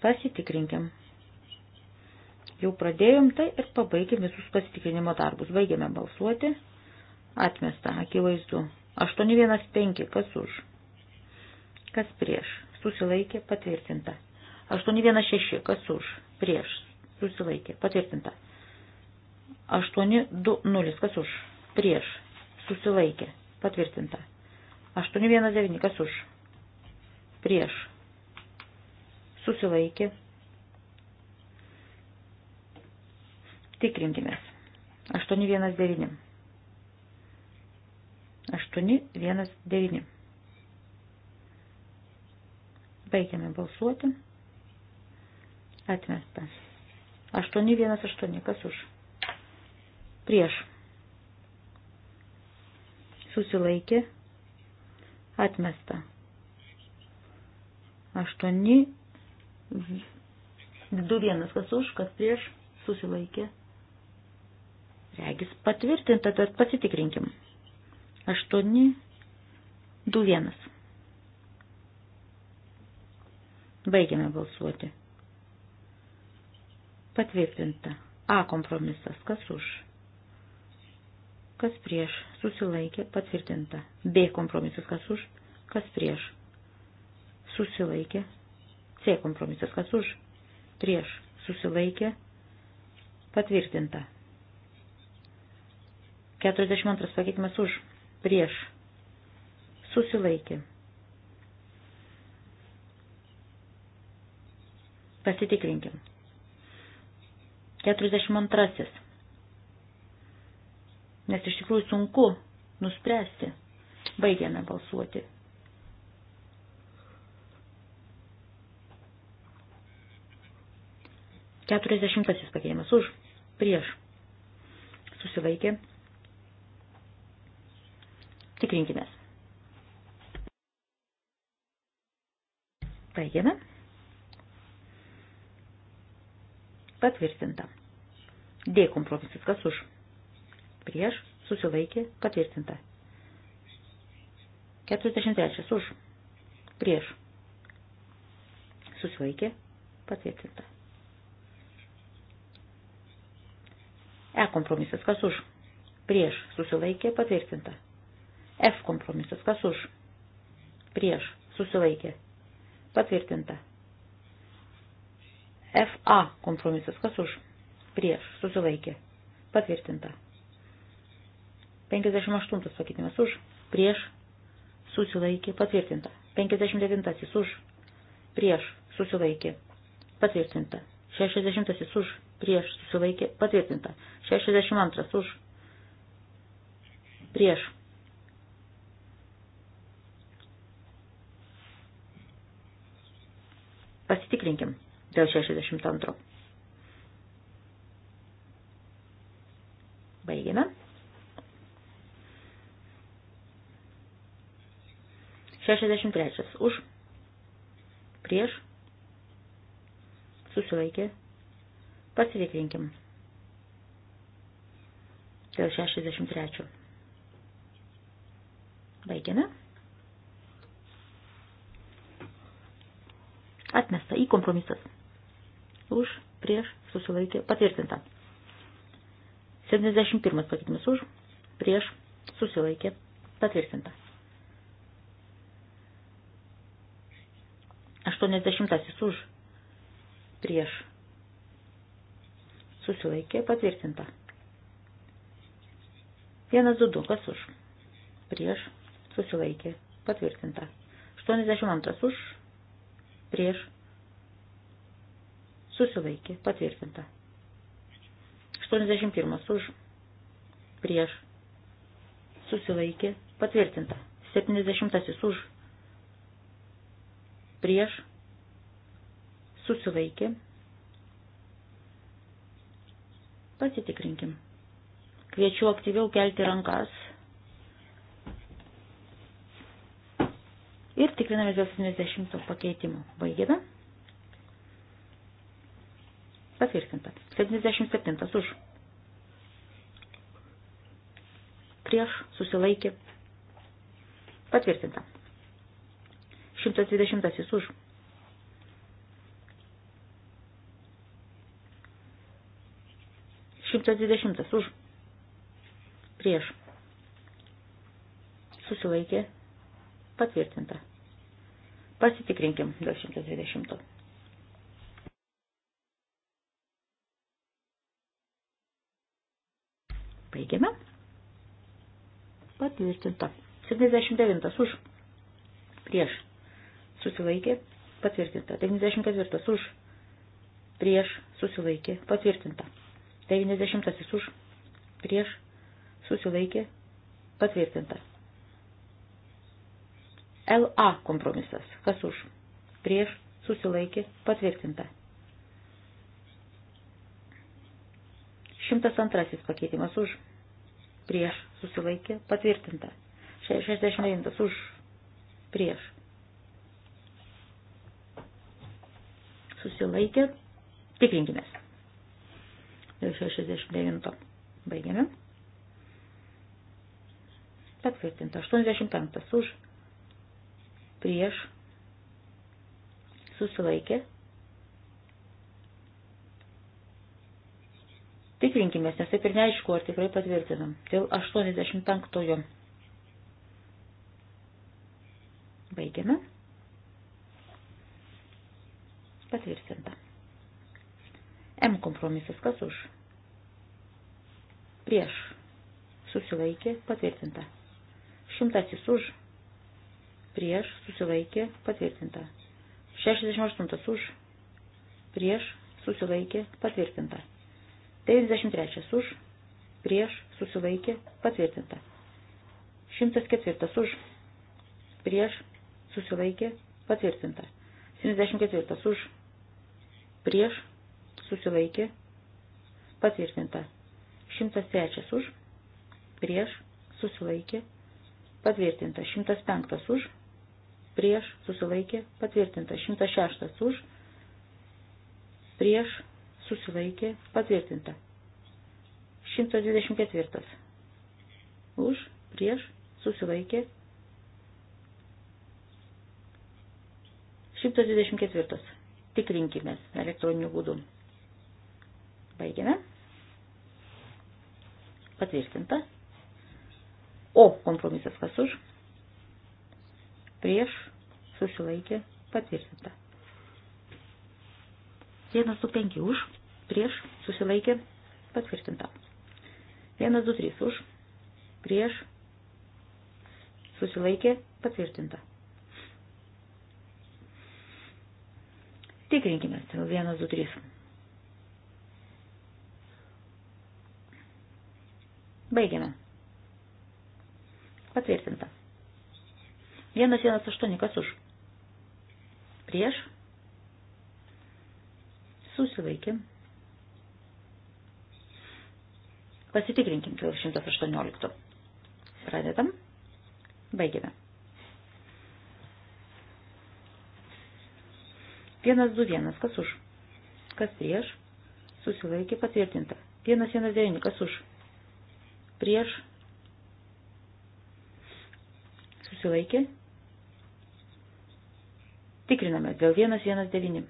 Pasitikrinkim. Jau pradėjom tai ir pabaigėm visus pasitikrinimo darbus. Baigėme balsuoti. Atmesta, akivaizdu. 815, kas už? Kas prieš? Susilaikė, patvirtinta. 816, kas už? Prieš. Susilaikė, patvirtinta. 820, kas už? Prieš. Susilaikė, patvirtinta. 819, kas už? Prieš. Susilaikė. Tikrinkime. 819. 819. Baigiame balsuoti. Atmesta. 818. Kas už? Prieš. Susilaikė. Atmesta. 8. 2 vienas kas už, kas prieš, susilaikė. Regis patvirtinta, tad pasitikrinkim. 8, 2, 1. Baigiame balsuoti. Patvirtinta. A kompromisas. Kas už? Kas prieš? Susilaikė. Patvirtinta. B kompromisas. Kas už? Kas prieš? Susilaikė. C kompromisas. Kas už? Prieš. Susilaikė. Patvirtinta. 42 pakeitimas už prieš, susilaikė. Pasitikrinkim. 42. Nes iš tikrųjų sunku nuspręsti. Baigėme balsuoti. Keturiasdešimtasis pakeitimas už, prieš, susilaikė, Tikrinkime. Baigiame. Patvirtinta. D kompromisas kas už. Prieš susilaikė patvirtinta. 43 už. Prieš. Susilaikė patvirtinta. E kompromisas kas už. Prieš susilaikė patvirtinta. F kompromisas. Kas už? Prieš. Susilaikė. Patvirtinta. FA kompromisas. Kas už? Prieš. Susilaikė. Patvirtinta. 58 pakeitimas už. Prieš. Susilaikė. Patvirtinta. 59 už. Prieš. Susilaikė. Patvirtinta. 60 už. Prieš. Susilaikė. Patvirtinta. 62 už. Prieš Pasitikrinkim dėl 62. Baigėme. 63. Už. Prieš. Susilaikė. Pasitikrinkim. Dėl 63. Baigėme. Atmesta į kompromisas. Už, prieš, susilaikė, patvirtinta. 71 pakeitimas už, prieš, susilaikė, patvirtinta. 80 už, prieš, susilaikė, patvirtinta. 122 kas už, prieš, susilaikė, patvirtinta. 82 už, prieš susilaikė patvirtinta. 81 už prieš susilaikė patvirtinta. 70 už prieš susilaikė. Pasitikrinkim. Kviečiu aktyviau kelti rankas ir tikrinamės dėl 70 pakeitimų. Baigėme. Patvirtinta. 77 už. Prieš susilaikė. Patvirtinta. 120 už. Šimtas dvidešimtas už. Prieš. Susilaikė. Patvirtinta. Pasitikrinkim dėl 120. Baigiame. Patvirtinta. 79 už. Prieš. Susilaikė. Patvirtinta. 94 už. Prieš. Susilaikė. Patvirtinta. 90 už. Prieš. Susilaikė. Patvirtinta. LA kompromisas. Kas už? Prieš susilaikė patvirtinta. 102 pakeitimas už. Prieš susilaikė patvirtinta. 69 už. Prieš. Susilaikė. Tikrinkime. 69. Baigiame. Patvirtinta. 85 už prieš, susilaikė. Tikrinkime, nes taip ir neaišku, ar tikrai patvirtinam. Dėl 85-ojo. Baigiame. Patvirtinta. M kompromisas kas už? Prieš. Susilaikė. Patvirtinta. Šimtasis už prieš susilaikė patvirtinta. 68 už, prieš susilaikė patvirtinta. 93 už, prieš susilaikė patvirtinta. 104 už, prieš susilaikė patvirtinta. 74 už, prieš susilaikė patvirtinta. 103 už, prieš susilaikė patvirtinta. 105 už, prieš susilaikė patvirtinta. 106 už, prieš susilaikė patvirtinta. 124 už, prieš susilaikė 124. Tikrinkime elektroniniu būdu. Baigime. Patvirtinta. O kompromisas kas už? prieš susilaikė patvirtinta. 125 už, prieš susilaikė patvirtinta. 123 už, prieš susilaikė patvirtinta. Tikrinkime, 123. Baigiame. Patvirtinta. 118 kas už. Prieš. Susilaikė. Pasitikrinkim dėl 118. Pradedam. Baigėme. 121 kas už. Kas prieš. Susilaikė patvirtinta. 119 kas už. Prieš. Susilaikė Tikriname dėl 119.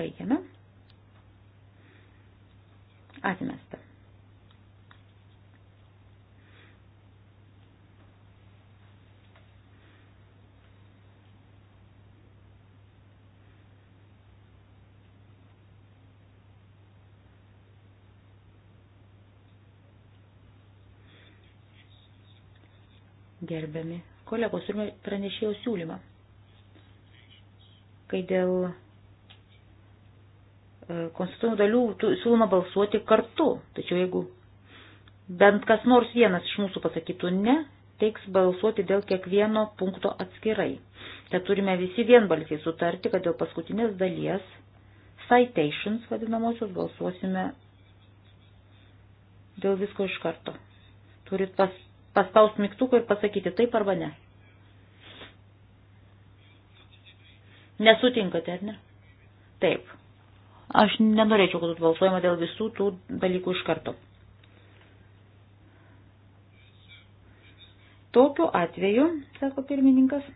Baigiame. Atmesta. gerbiami kolegos, turime pranešėjo siūlymą, kai dėl e, konstitucijų dalių siūloma balsuoti kartu, tačiau jeigu bent kas nors vienas iš mūsų pasakytų ne, teiks balsuoti dėl kiekvieno punkto atskirai. Tad turime visi vienbalsiai sutarti, kad dėl paskutinės dalies citations vadinamosios balsuosime dėl visko iš karto. Turit pas, paspaus mygtuką ir pasakyti taip arba ne. Nesutinkate, ar ne? Taip. Aš nenorėčiau, kad būtų balsuojama dėl visų tų dalykų iš karto. Tokiu atveju, sako pirmininkas,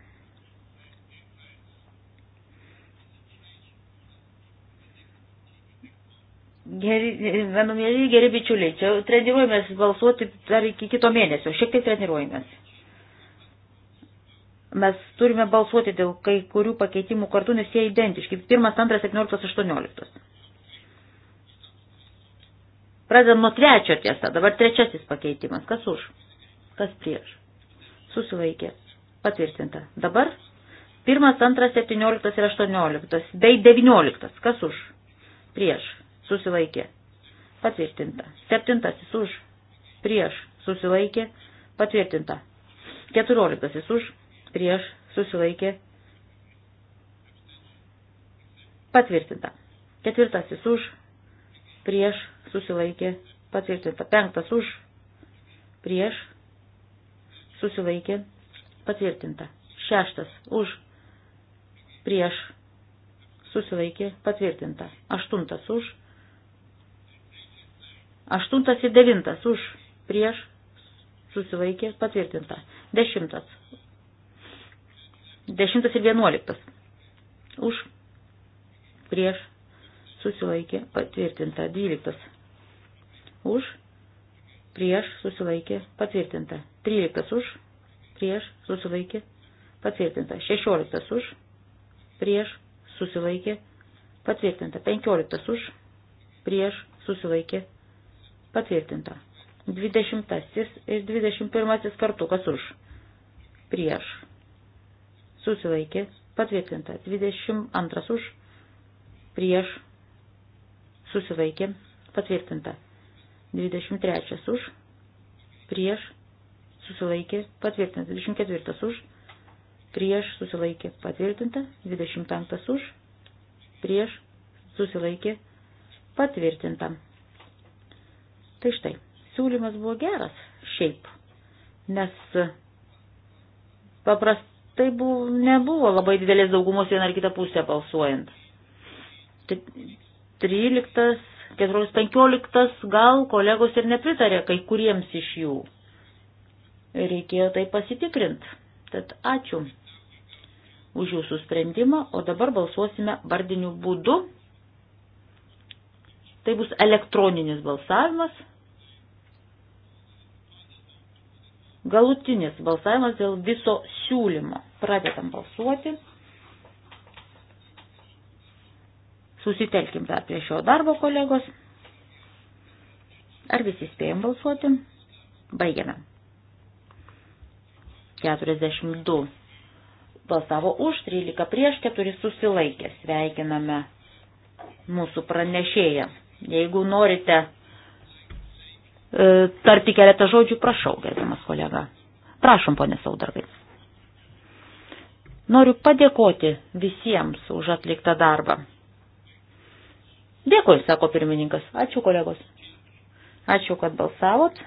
geri, mano mėly geri bičiuliai, čia treniruojamės balsuoti dar iki kito mėnesio, šiek tiek treniruojamės. Mes turime balsuoti dėl kai kurių pakeitimų kartu, nes jie identiški. 1, 2, 17, 18. Pradedam nuo trečio tiesa, dabar trečiasis pakeitimas. Kas už? Kas prieš? Susilaikė. Patvirtinta. Dabar 1, 2, 17 ir 18. Bei 19. Kas už? Prieš susilaikė, patvirtinta. Septintasis už, prieš, susilaikė, patvirtinta. Keturioliktasis už, prieš, susilaikė, patvirtinta. Ketvirtasis už, prieš, susilaikė, patvirtinta. Penktas už, prieš, susilaikė, patvirtinta. Šeštas už, prieš, susilaikė, patvirtinta. Aštuntas už, Aštuntas ir devintas už prieš susilaikė patvirtinta. Dešimtas. Dešimtas ir vienuoliktas. Už prieš susilaikė patvirtinta. Dvyliktas. Už prieš susilaikė patvirtinta. Tryliktas už prieš susilaikė patvirtinta. Šešioliktas už prieš susilaikė patvirtinta. Penkioliktas už prieš susilaikė patvirtinta Patvirtinta. 20 ir 21 kartu, kas už. Prieš. Susilaikė. Patvirtinta. 22 už. Prieš. Susilaikė. Patvirtinta. 23 už. Prieš. Susilaikė. Patvirtinta. 24 už. Prieš. Susilaikė. Patvirtinta. 25 už. Prieš. Susilaikė. Patvirtinta. Tai štai, siūlymas buvo geras šiaip, nes paprastai buvo, nebuvo labai didelės daugumos vieną ar kitą pusę balsuojant. 13, 14, 15 gal kolegos ir nepritarė kai kuriems iš jų. Reikėjo tai pasitikrinti. Tad ačiū už jūsų sprendimą, o dabar balsuosime vardiniu būdu. Tai bus elektroninis balsavimas. Galutinis balsavimas dėl viso siūlymo. Pradedam balsuoti. Susitelkim dar prie šio darbo, kolegos. Ar visi spėjom balsuoti? Baigiame. 42 balsavo už, 13 prieš, 4 susilaikė. Sveikiname mūsų pranešėją. Jeigu norite E, tarti keletą žodžių, prašau, gerbiamas kolega. Prašom, ponė Saudargai. Noriu padėkoti visiems už atliktą darbą. Dėkui, sako pirmininkas. Ačiū, kolegos. Ačiū, kad balsavot.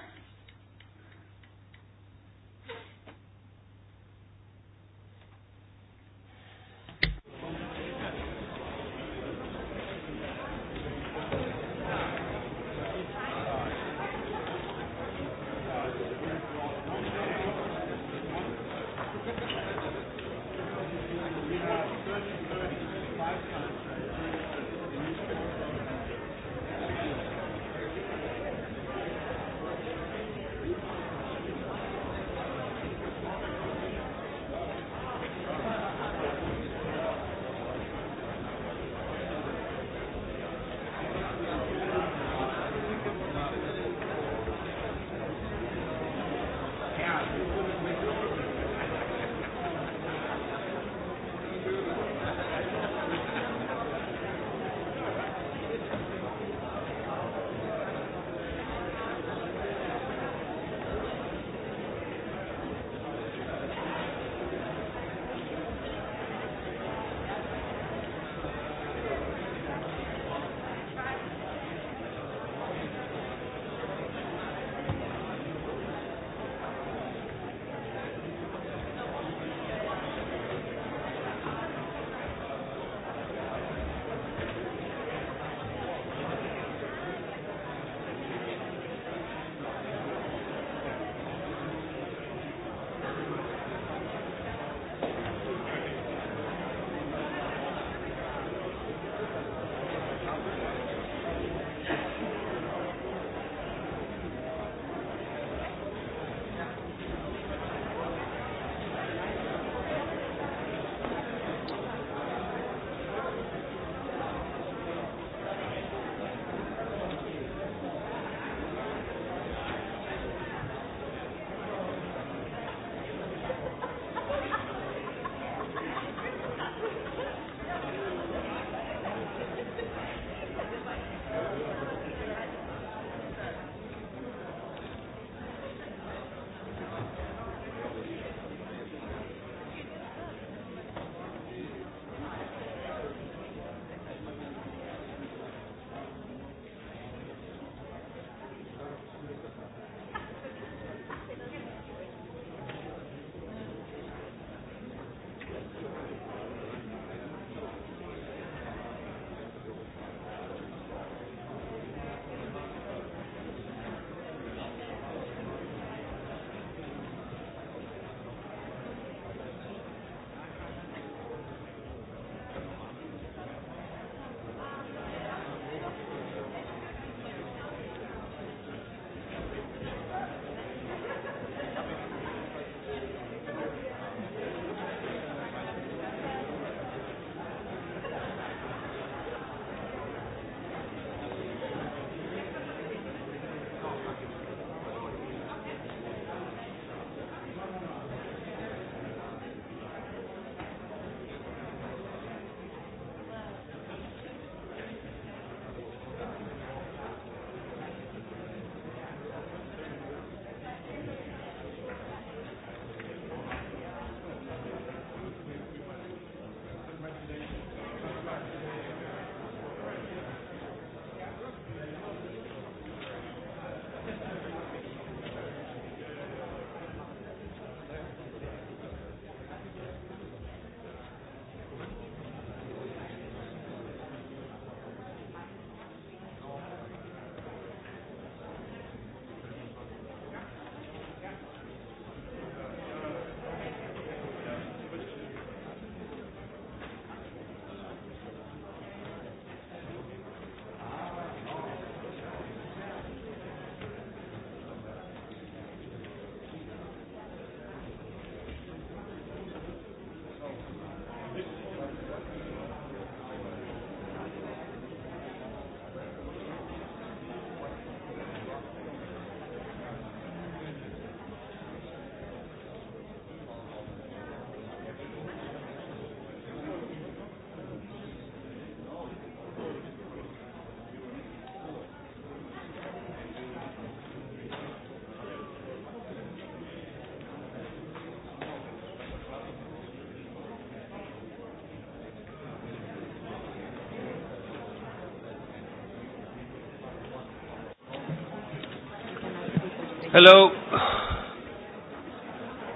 Hello.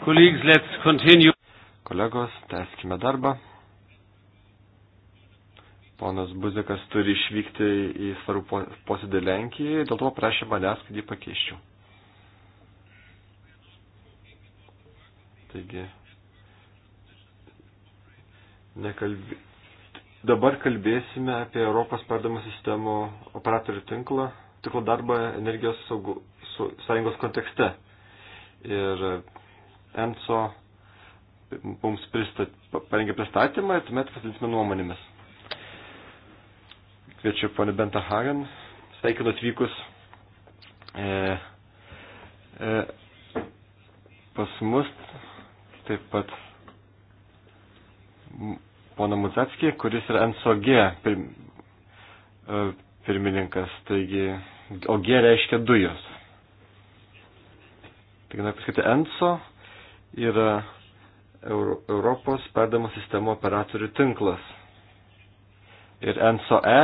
Colleagues, let's continue. Kolegos, tęskime darbą. Ponas Buzikas turi išvykti į svarų posėdį Lenkijoje, dėl to prašė manęs, kad jį pakeiščiau. Taigi, nekalbė... dabar kalbėsime apie Europos perdamo sistemo operatorių tinklą, tinklo darbą energijos saugų sąjungos kontekste. Ir ENSO mums pristat, parengė pristatymą ir tuomet pasidėsime nuomonėmis. Kviečiu ponį Bentą Hagen, sveikinu atvykus e, e, pas mus, taip pat poną Muzackį, kuris yra NSOG pir, e, pirmininkas, taigi OG reiškia dujos. Taigi, noriu pasakyti, ENSO yra Euro, Europos perdamo sistemo operatorių tinklas. Ir ENSO E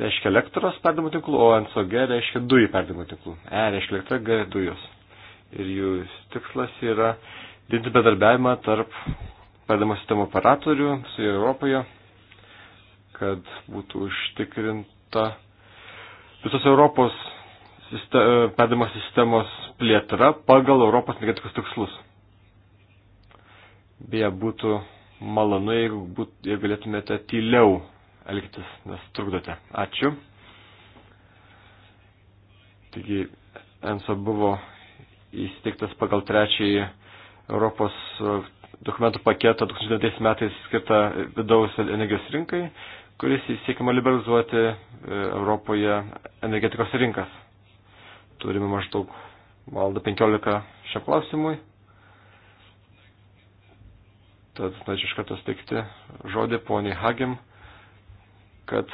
reiškia elektros perdamo tinklų, o ENSO G reiškia dujų perdamo tinklų. E reiškia elektra, G dujos. Ir jų tikslas yra didinti bedarbiavimą tarp perdamo sistemo operatorių visoje Europoje, kad būtų užtikrinta visos Europos perdimo sistemos plėtra pagal Europos energetikos tikslus. Beje, būtų malonu, jeigu, būt, jeigu galėtumėte tyliau elgtis, nes trukdote. Ačiū. Taigi, ENSO buvo įsteigtas pagal trečiąjį Europos dokumentų paketą 2009 metais skirtą vidaus energijos rinkai, kuris įsiekima liberalizuoti e, Europoje energetikos rinkas. Turime maždaug valandą 15 šiam klausimui. Tad norėčiau iš karto steikti žodį poniai Hagim, kad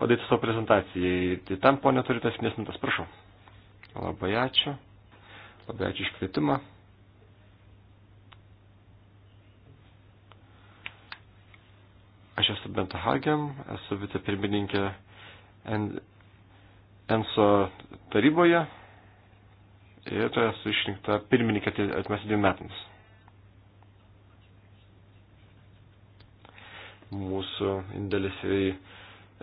padarytų savo prezentacijai. Tai tam ponė turite esmės mintas, prašau. Labai ačiū. Labai ačiū iš kvietimą. Aš esu Benta Hagem, esu vicepirmininkė ENSO taryboje ir to esu išrinkta pirmininkė atmesti dviem metams. Mūsų indėlis į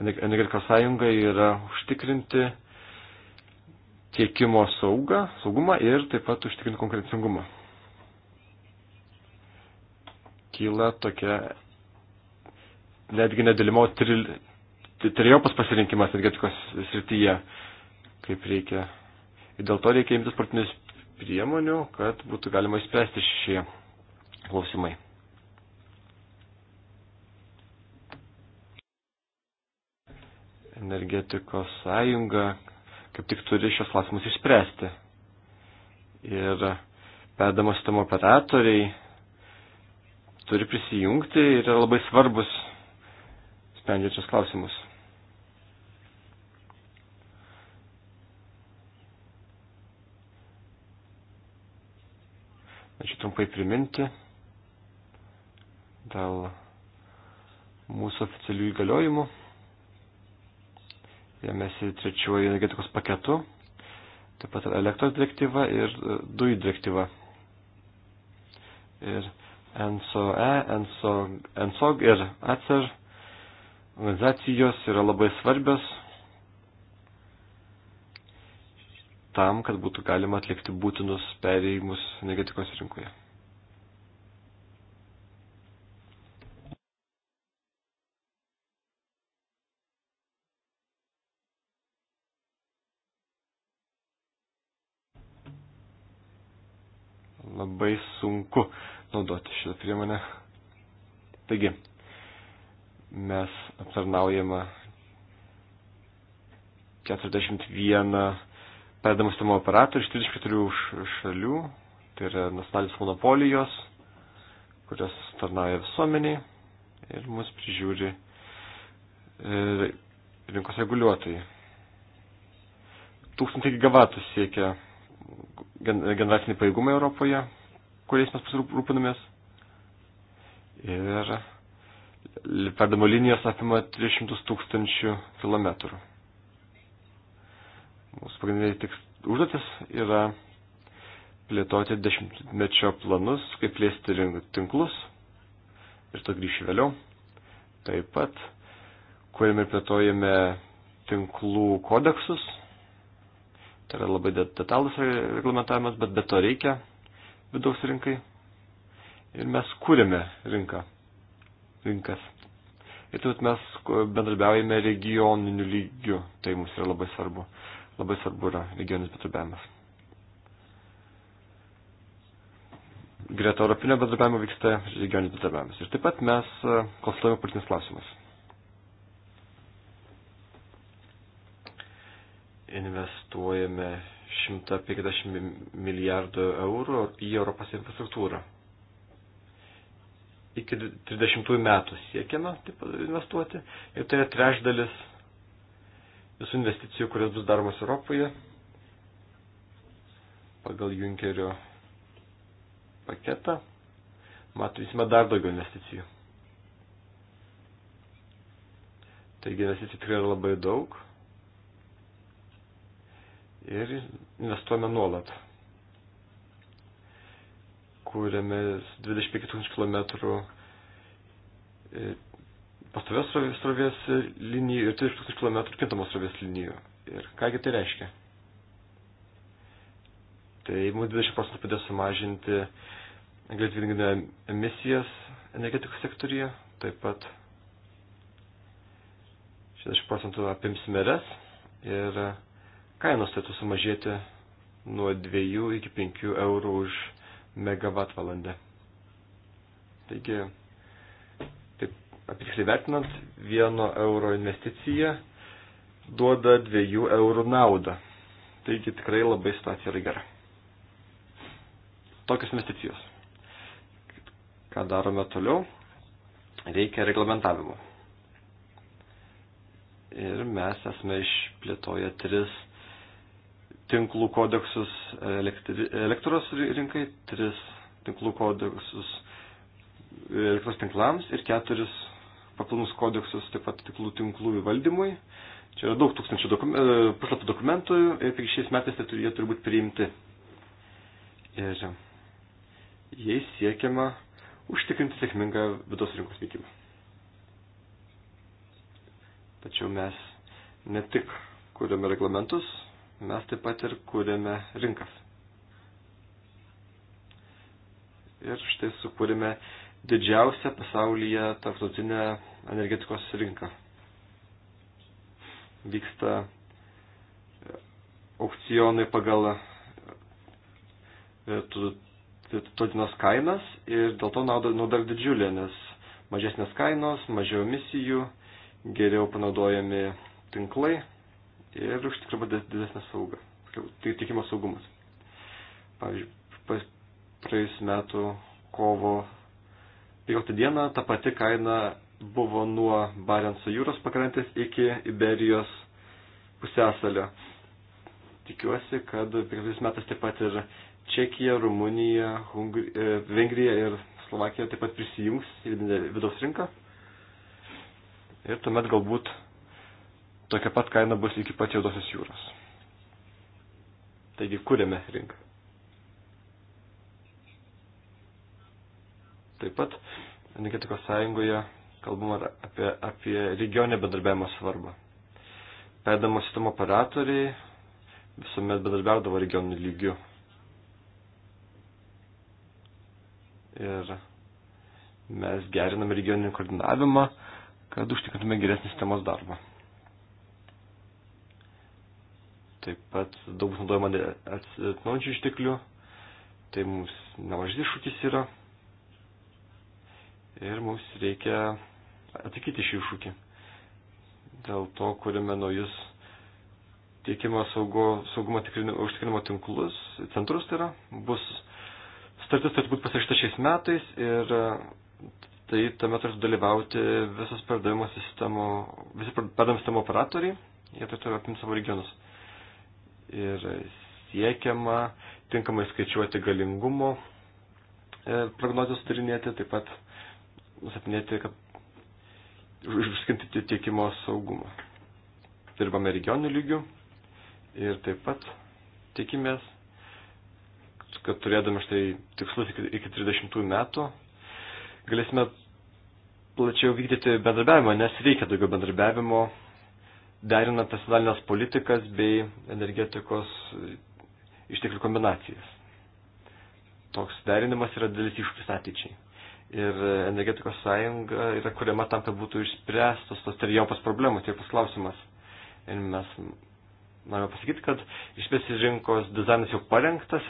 energetikos sąjungą yra užtikrinti tiekimo saugą, saugumą ir taip pat užtikrinti konkurencingumą. Kyla tokia netgi nedėlimo tril, Tai trejopas pasirinkimas energetikos srityje, kaip reikia. Ir dėl to reikia imtis partinės priemonių, kad būtų galima įspręsti šie klausimai. Energetikos sąjunga kaip tik turi šios klausimus išspręsti. Ir perdamos sistemo operatoriai turi prisijungti ir yra labai svarbus sprendžiančios klausimus. trumpai priminti dėl mūsų oficialių įgaliojimų. Jėmėsi trečiuoju energetikos paketu, taip pat elektros direktyva ir dujų direktyva. Ir NSOE, NSO, NSOG ir ACER organizacijos yra labai svarbios tam, kad būtų galima atlikti būtinus perėjimus energetikos rinkoje. labai sunku naudoti šitą priemonę. Taigi, mes aptarnaujame 41 perdamas tamo operatorių iš 34 šalių, tai yra nacionalis monopolijos, kurios tarnauja visuomeniai ir mus prižiūri e, rinkos reguliuotojai. 1000 gigavatų siekia generaciniai pajėgumai Europoje, kuriais mes pasirūpinamės. Ir perdamo linijos apima 300 tūkstančių kilometrų. Mūsų pagrindiniai tik užduotis yra plėtoti dešimtmečio planus, kaip plėsti tinklus ir to grįšiu vėliau. Taip pat kuriame ir plėtojame tinklų kodeksus. Tai yra labai detalus reglamentavimas, bet be to reikia vidaus rinkai ir mes kūrėme rinką, rinkas. Ir taip mes bendradarbiaujame regioniniu lygiu, tai mums yra labai svarbu. Labai svarbu yra regioninis bendradarbiavimas. Greta europinio bendradarbiavimo vyksta regioninis bendradarbiavimas. Ir taip pat mes e, konsultuojame politinius klausimus. investuojame 150 milijardų eurų į Europos infrastruktūrą. Iki 30 metų siekiama taip, investuoti ir tai yra trešdalis visų investicijų, kurios bus daromas Europoje pagal Junkerio paketą. Matysime dar daugiau investicijų. Taigi investicijų tikrai yra labai daug ir investuojame nuolat. Kūrėme 25 tūkstančių kilometrų e, pastovės srovės linijų ir 30 tūkstančių kilometrų kintamos srovės linijų. Ir kągi tai reiškia? Tai mums 20 procentų padės sumažinti anglės dvideginio emisijas energetikos sektorija, taip pat 60 procentų apimsime res ir Kainos turėtų sumažėti nuo 2 iki 5 eurų už megavatvalandę. Taigi, taip apitiksliai vertinant, 1 euro investicija duoda 2 eurų naudą. Taigi tikrai labai situacija yra gera. Tokios investicijos. Ką darome toliau? Reikia reglamentavimo. Ir mes esame išplėtoję tris tinklų kodeksus elektros rinkai, tris tinklų kodeksus elektros tinklams ir keturis papilnus kodeksus taip pat tinklų tinklų įvaldymui. Čia yra daug tūkstančių dokumentų, puslapų dokumentų ir tik šiais metais tai turi, jie turi būti priimti. Ir jais siekiama užtikrinti sėkmingą vidaus rinkos veikimą. Tačiau mes ne tik kuriame reglamentus, mes taip pat ir kūrėme rinkas. Ir štai sukūrėme didžiausią pasaulyje tarptautinę energetikos rinką. Vyksta aukcionai pagal e, todinos kainas ir dėl to nauda, nauda didžiulė, nes mažesnės kainos, mažiau emisijų, geriau panaudojami tinklai ir užtikrama didesnė sauga, tikimas saugumas. Pavyzdžiui, praėjusiu metu kovo 15 dieną ta pati kaina buvo nuo Barenco jūros pakrantės iki Iberijos pusėsalio. Tikiuosi, kad praėjusiais metais taip pat ir Čekija, Rumunija, Hungri... E, Vengrija ir Slovakija taip pat prisijungs į vidaus rinką. Ir tuomet galbūt tokia pat kaina bus iki pat Jaudosios jūros. Taigi, kūrėme rinką. Taip pat energetikos sąjungoje kalbama apie, apie regionę bendarbiavimo svarbą. Pėdamo sistemo operatoriai visuomet bendarbiaudavo regionų lygių. Ir mes geriname regioninį koordinavimą, kad užtikrintume geresnį sistemos darbą. Taip pat daug naudojama atsinaujančių išteklių. Tai mums nemažas iššūkis yra. Ir mums reikia atsakyti šį iššūkį. Dėl to kūrėme naujus tiekimo saugo, saugumo užtikrinimo tinklus, centrus tai yra. Bus startis turėtų būti pasirašyta šiais metais ir tai tame turėtų dalyvauti visos perdavimo sistemo, visi perdavimo sistemo operatoriai, jie turėtų apimti savo regionus ir siekiama tinkamai skaičiuoti galingumo e, prognozes turinėti, taip pat nusatinėti, kad užskinti tiekimo saugumą. Dirbame regionių lygių ir taip pat tikimės, kad turėdami štai tikslus iki, iki 30 metų, galėsime plačiau vykdyti bendradarbiavimą, nes reikia daugiau bendradarbiavimo derinant nacionalinės politikas bei energetikos išteklių kombinacijas. Toks derinimas yra dėlis iššūkis ateičiai. Ir energetikos sąjunga yra kuriama tam, kad būtų išspręstos tos trijopas problemos, tai klausimas. Ir mes norime pasakyti, kad išpėsis rinkos dizainas jau parengtas,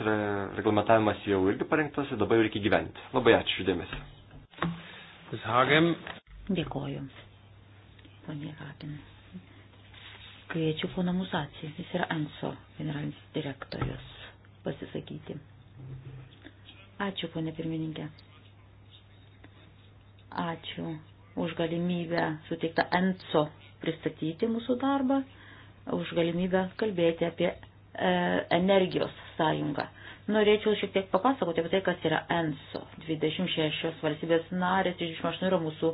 reglamentavimas jau irgi parengtas ir dabar jau reikia gyventi. Labai ačiū dėmesį. Dėkoju. Ponė Ragin. Kviečiu poną Musacį, jis yra ENSO generalinis direktorius, pasisakyti. Ačiū, ponė pirmininkė. Ačiū už galimybę suteiktą ENSO pristatyti mūsų darbą, už galimybę kalbėti apie e, energijos sąjungą. Norėčiau šiek tiek papasakoti apie tai, kas yra ENSO. 26 valstybės narės, 28 yra mūsų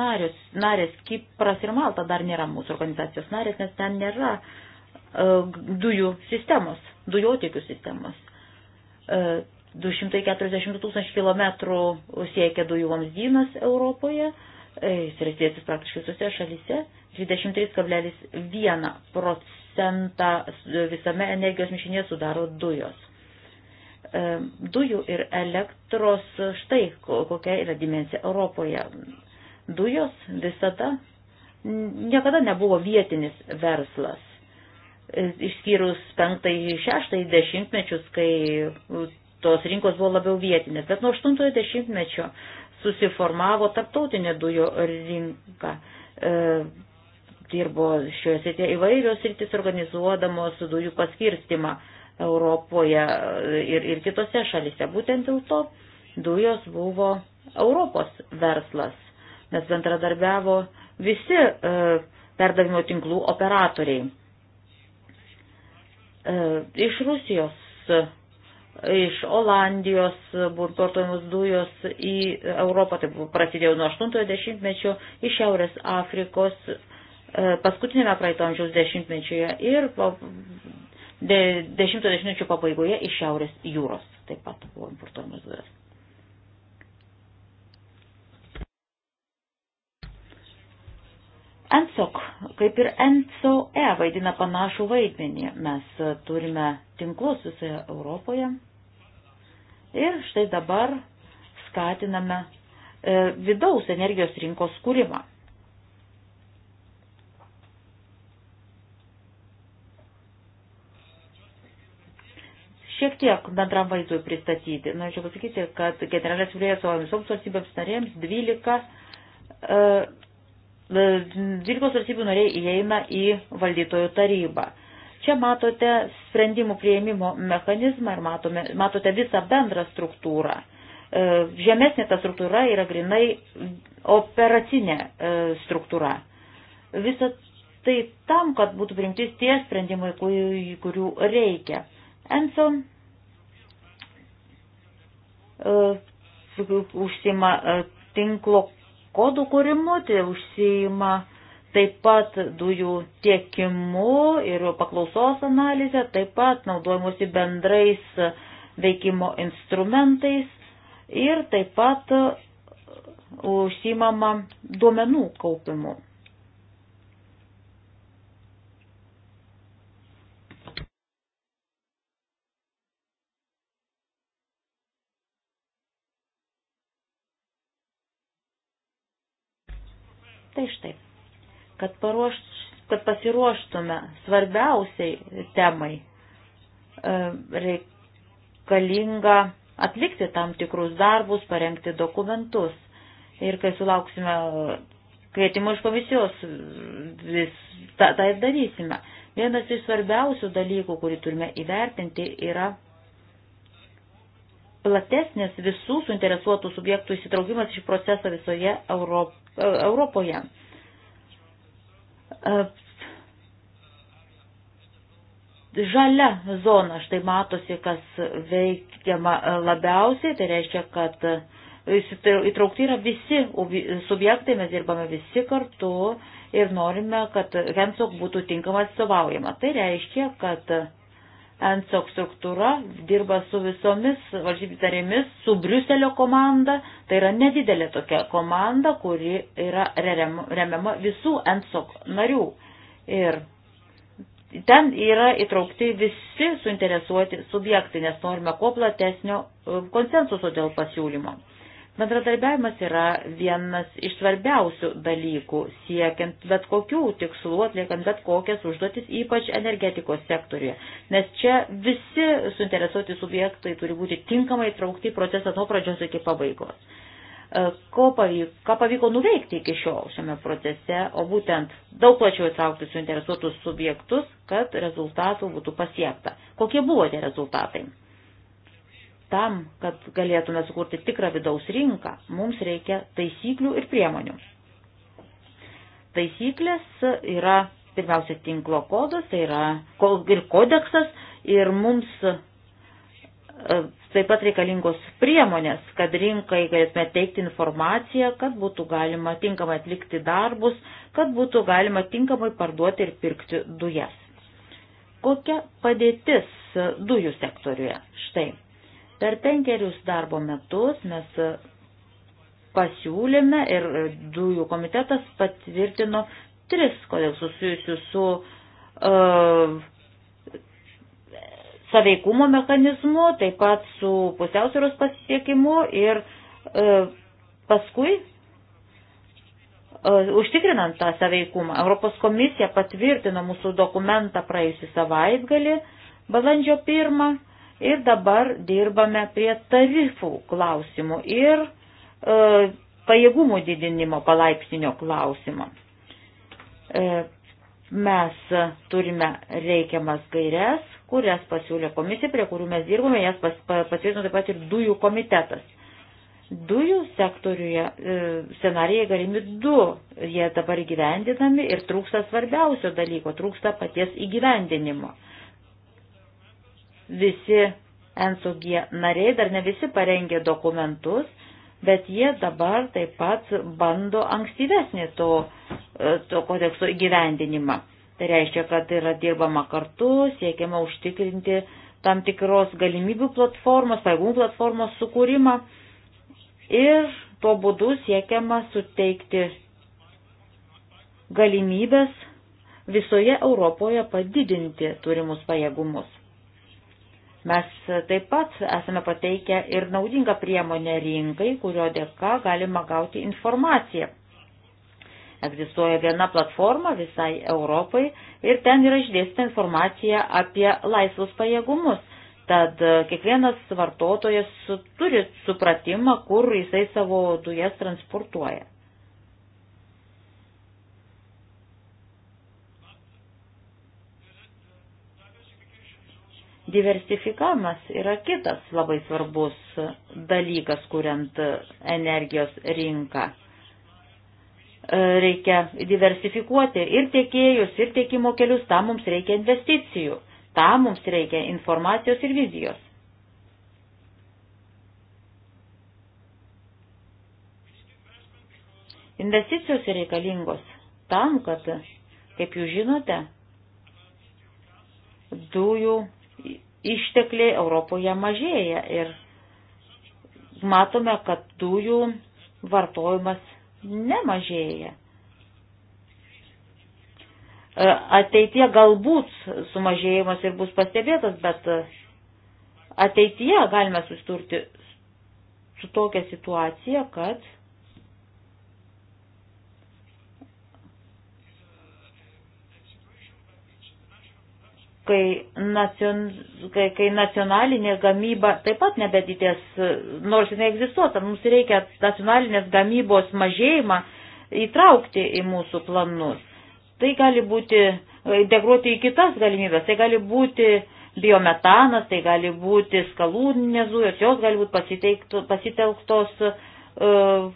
narės, narės Kipras ir Malta dar nėra mūsų organizacijos narės, nes ten nėra e, dujų sistemos, dujotiekių sistemos. E, 240 tūkstančių kilometrų siekia dujų vamzdynas Europoje, e, jis yra dėsis praktiškai visose šalyse, 23,1 procentą visame energijos mišinėje sudaro dujos. E, dujų ir elektros, štai kokia yra dimensija Europoje. Dujos visada niekada nebuvo vietinis verslas, e, išskyrus penktai, šeštai dešimtmečius, kai tos rinkos buvo labiau vietinės, bet nuo aštuntojo dešimtmečio susiformavo tarptautinė dujo rinka. E, dirbo šioje srityje įvairios sritis organizuodamos dujų paskirstimą. E, Europoje ir, ir kitose šalise. Būtent dėl to dujos buvo Europos verslas, nes bendradarbiavo visi e, perdavimo tinklų operatoriai. E, iš Rusijos, iš Olandijos buvo importuojamos dujos į Europą, tai prasidėjo nuo 80-mečio, iš Šiaurės Afrikos e, paskutinėme praeito amžiaus dešimtmečiuje ir dešimto dešimtmečio pabaigoje iš Šiaurės jūros taip pat buvo importuojamas dujas. ENSOC, kaip ir ENSOE, vaidina panašų vaidmenį. Mes turime tinklus visoje Europoje ir štai dabar skatiname e, vidaus energijos rinkos kūrimą. šiek tiek bendram vaizdui pristatyti. Norėčiau pasakyti, kad generalės vyrėjas savo visoms valstybėms narėms 12, 12 e, e, valstybių nariai įeina į valdytojų tarybą. Čia matote sprendimų prieimimo mechanizmą ir matome, matote visą bendrą struktūrą. E, žemesnė ta struktūra yra grinai operacinė struktūra. Visa tai tam, kad būtų priimtis tie sprendimai, kurių reikia. Enson e, užsima e, tinklo kodų kūrimu, tai užsima taip pat dujų tiekimu ir paklausos analizė, taip pat naudojimuosi bendrais veikimo instrumentais ir taip pat užsimama duomenų kaupimu. Tai štai, kad, paruoš, kad pasiruoštume svarbiausiai temai e, reikalinga atlikti tam tikrus darbus, parengti dokumentus. Ir kai sulauksime kvietimų iš komisijos, vis tą, tą ir darysime. Vienas iš svarbiausių dalykų, kurį turime įvertinti, yra platesnės visų suinteresuotų subjektų įsitraukimas iš proceso visoje Europ, e, Europoje. E, žalia zona, štai matosi, kas veikiama e, labiausiai, tai reiškia, kad įtraukti yra visi subjektai, mes dirbame visi kartu ir norime, kad Hemsok būtų tinkamai atstovaujama. Tai reiškia, kad ENSOK struktūra dirba su visomis valstybės tarėmis, su Briuselio komanda. Tai yra nedidelė tokia komanda, kuri yra remiama visų ENSOK narių. Ir ten yra įtraukti visi suinteresuoti subjektai, nes norime kuo platesnio e, konsensuso dėl pasiūlymo. Bendradarbiavimas yra vienas iš svarbiausių dalykų siekiant bet kokių tikslų, atliekant bet kokias užduotis, ypač energetikos sektoriuje. Nes čia visi suinteresuoti subjektai turi būti tinkamai traukti į procesą nuo pradžios iki pabaigos. E, ko pavyko, ką pavyko nuveikti iki šiol šiame procese, o būtent daug plačiau įtraukti suinteresuotus subjektus, kad rezultatų būtų pasiekta. Kokie buvo tie rezultatai? Tam, kad galėtume sukurti tikrą vidaus rinką, mums reikia taisyklių ir priemonių. Taisyklės yra pirmiausia tinklo kodas, tai yra ir kodeksas, ir mums e, taip pat reikalingos priemonės, kad rinkai galėtume teikti informaciją, kad būtų galima tinkamai atlikti darbus, kad būtų galima tinkamai parduoti ir pirkti dujas. Kokia padėtis dujų sektoriuje? Štai, Per penkerius darbo metus mes e, pasiūlėme ir e, dujų komitetas patvirtino tris kodeksus susijusius su uh, saveikumo mechanizmu, taip pat su pusiausvėros pasiekimu ir uh, paskui uh, užtikrinant tą saveikumą. Europos komisija patvirtino mūsų dokumentą praėjusį savaitgalį, balandžio pirmą Ir dabar dirbame prie tarifų klausimų ir e, pajėgumų didinimo palaipsninio klausimo. E, mes turime reikiamas gairias, kurias pasiūlė komisija, prie kurių mes dirbame, jas pas, patvirtino taip pat ir dujų komitetas. Dujų sektoriuje e, scenarijai galimi du, jie dabar įgyvendinami ir trūksta svarbiausio dalyko, trūksta paties įgyvendinimo visi NSUG nariai, dar ne visi parengė dokumentus, bet jie dabar taip pat bando ankstyvesnį to, e, to kodekso įgyvendinimą. Tai reiškia, kad yra dirbama kartu, siekiama užtikrinti tam tikros galimybių platformos, pajėgumų platformos sukūrimą ir tuo būdu siekiama suteikti galimybės visoje Europoje padidinti turimus pajėgumus. Mes taip pat esame pateikę ir naudingą priemonę rinkai, kurio dėka galima gauti informaciją. Egzistuoja viena platforma visai Europai ir ten yra išdėstyta informacija apie laisvus pajėgumus. Tad e, kiekvienas vartotojas turi supratimą, kur jisai savo dujas transportuoja. Diversifikavimas yra kitas labai svarbus dalykas, kuriant energijos rinką. E, reikia diversifikuoti ir tiekėjus, ir tiekimo kelius, tam mums reikia investicijų, tam mums reikia informacijos ir vizijos. Investicijos reikalingos tam, kad, kaip jūs žinote, dujų ištekliai Europoje mažėja ir matome, kad dujų vartojimas nemažėja. E, ateitie galbūt sumažėjimas ir bus pastebėtas, bet ateityje galime susiturti su tokia situacija, kad kai, nacion, kai, kai nacionalinė gamyba taip pat nebedidės, nors jinai egzistuota, mums reikia nacionalinės gamybos mažėjimą įtraukti į mūsų planus. Tai gali būti integruoti į kitas galimybės, tai gali būti biometanas, tai gali būti skalūninės dujos, jos gali būti pasitelktos uh,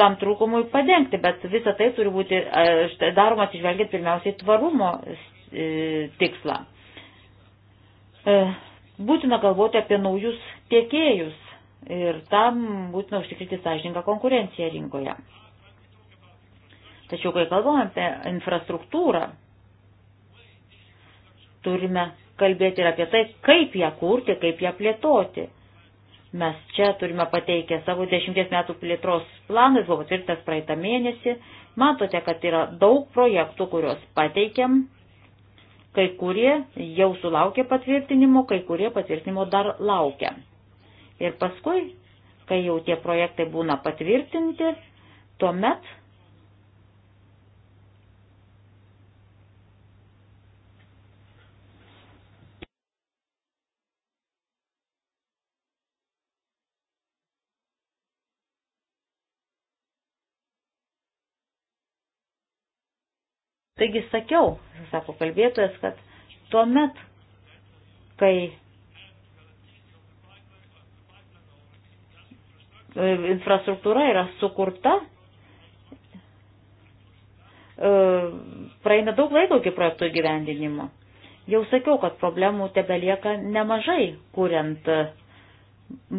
tam trūkumui padengti, bet visa tai turi būti e, daroma atsižvelgiant pirmiausiai tvarumo e, tikslą. E, būtina galvoti apie naujus tiekėjus ir tam būtina užtikrinti sąžininką konkurenciją rinkoje. Tačiau, kai kalbame apie infrastruktūrą, turime kalbėti ir apie tai, kaip ją kurti, kaip ją plėtoti. Mes čia turime pateikę savo dešimties metų plėtros planą, jis buvo patvirtintas praeitą mėnesį. Matote, kad yra daug projektų, kuriuos pateikėm Kai kurie jau sulaukė patvirtinimo, kai kurie patvirtinimo dar laukia. Ir paskui, kai jau tie projektai būna patvirtinti, tuomet Taigi sakiau, sako kalbėtojas, kad tuo met, kai e, infrastruktūra yra sukurta, e, praeina daug laiko iki projektų gyvendinimo. Jau sakiau, kad problemų tebelieka nemažai, kuriant e,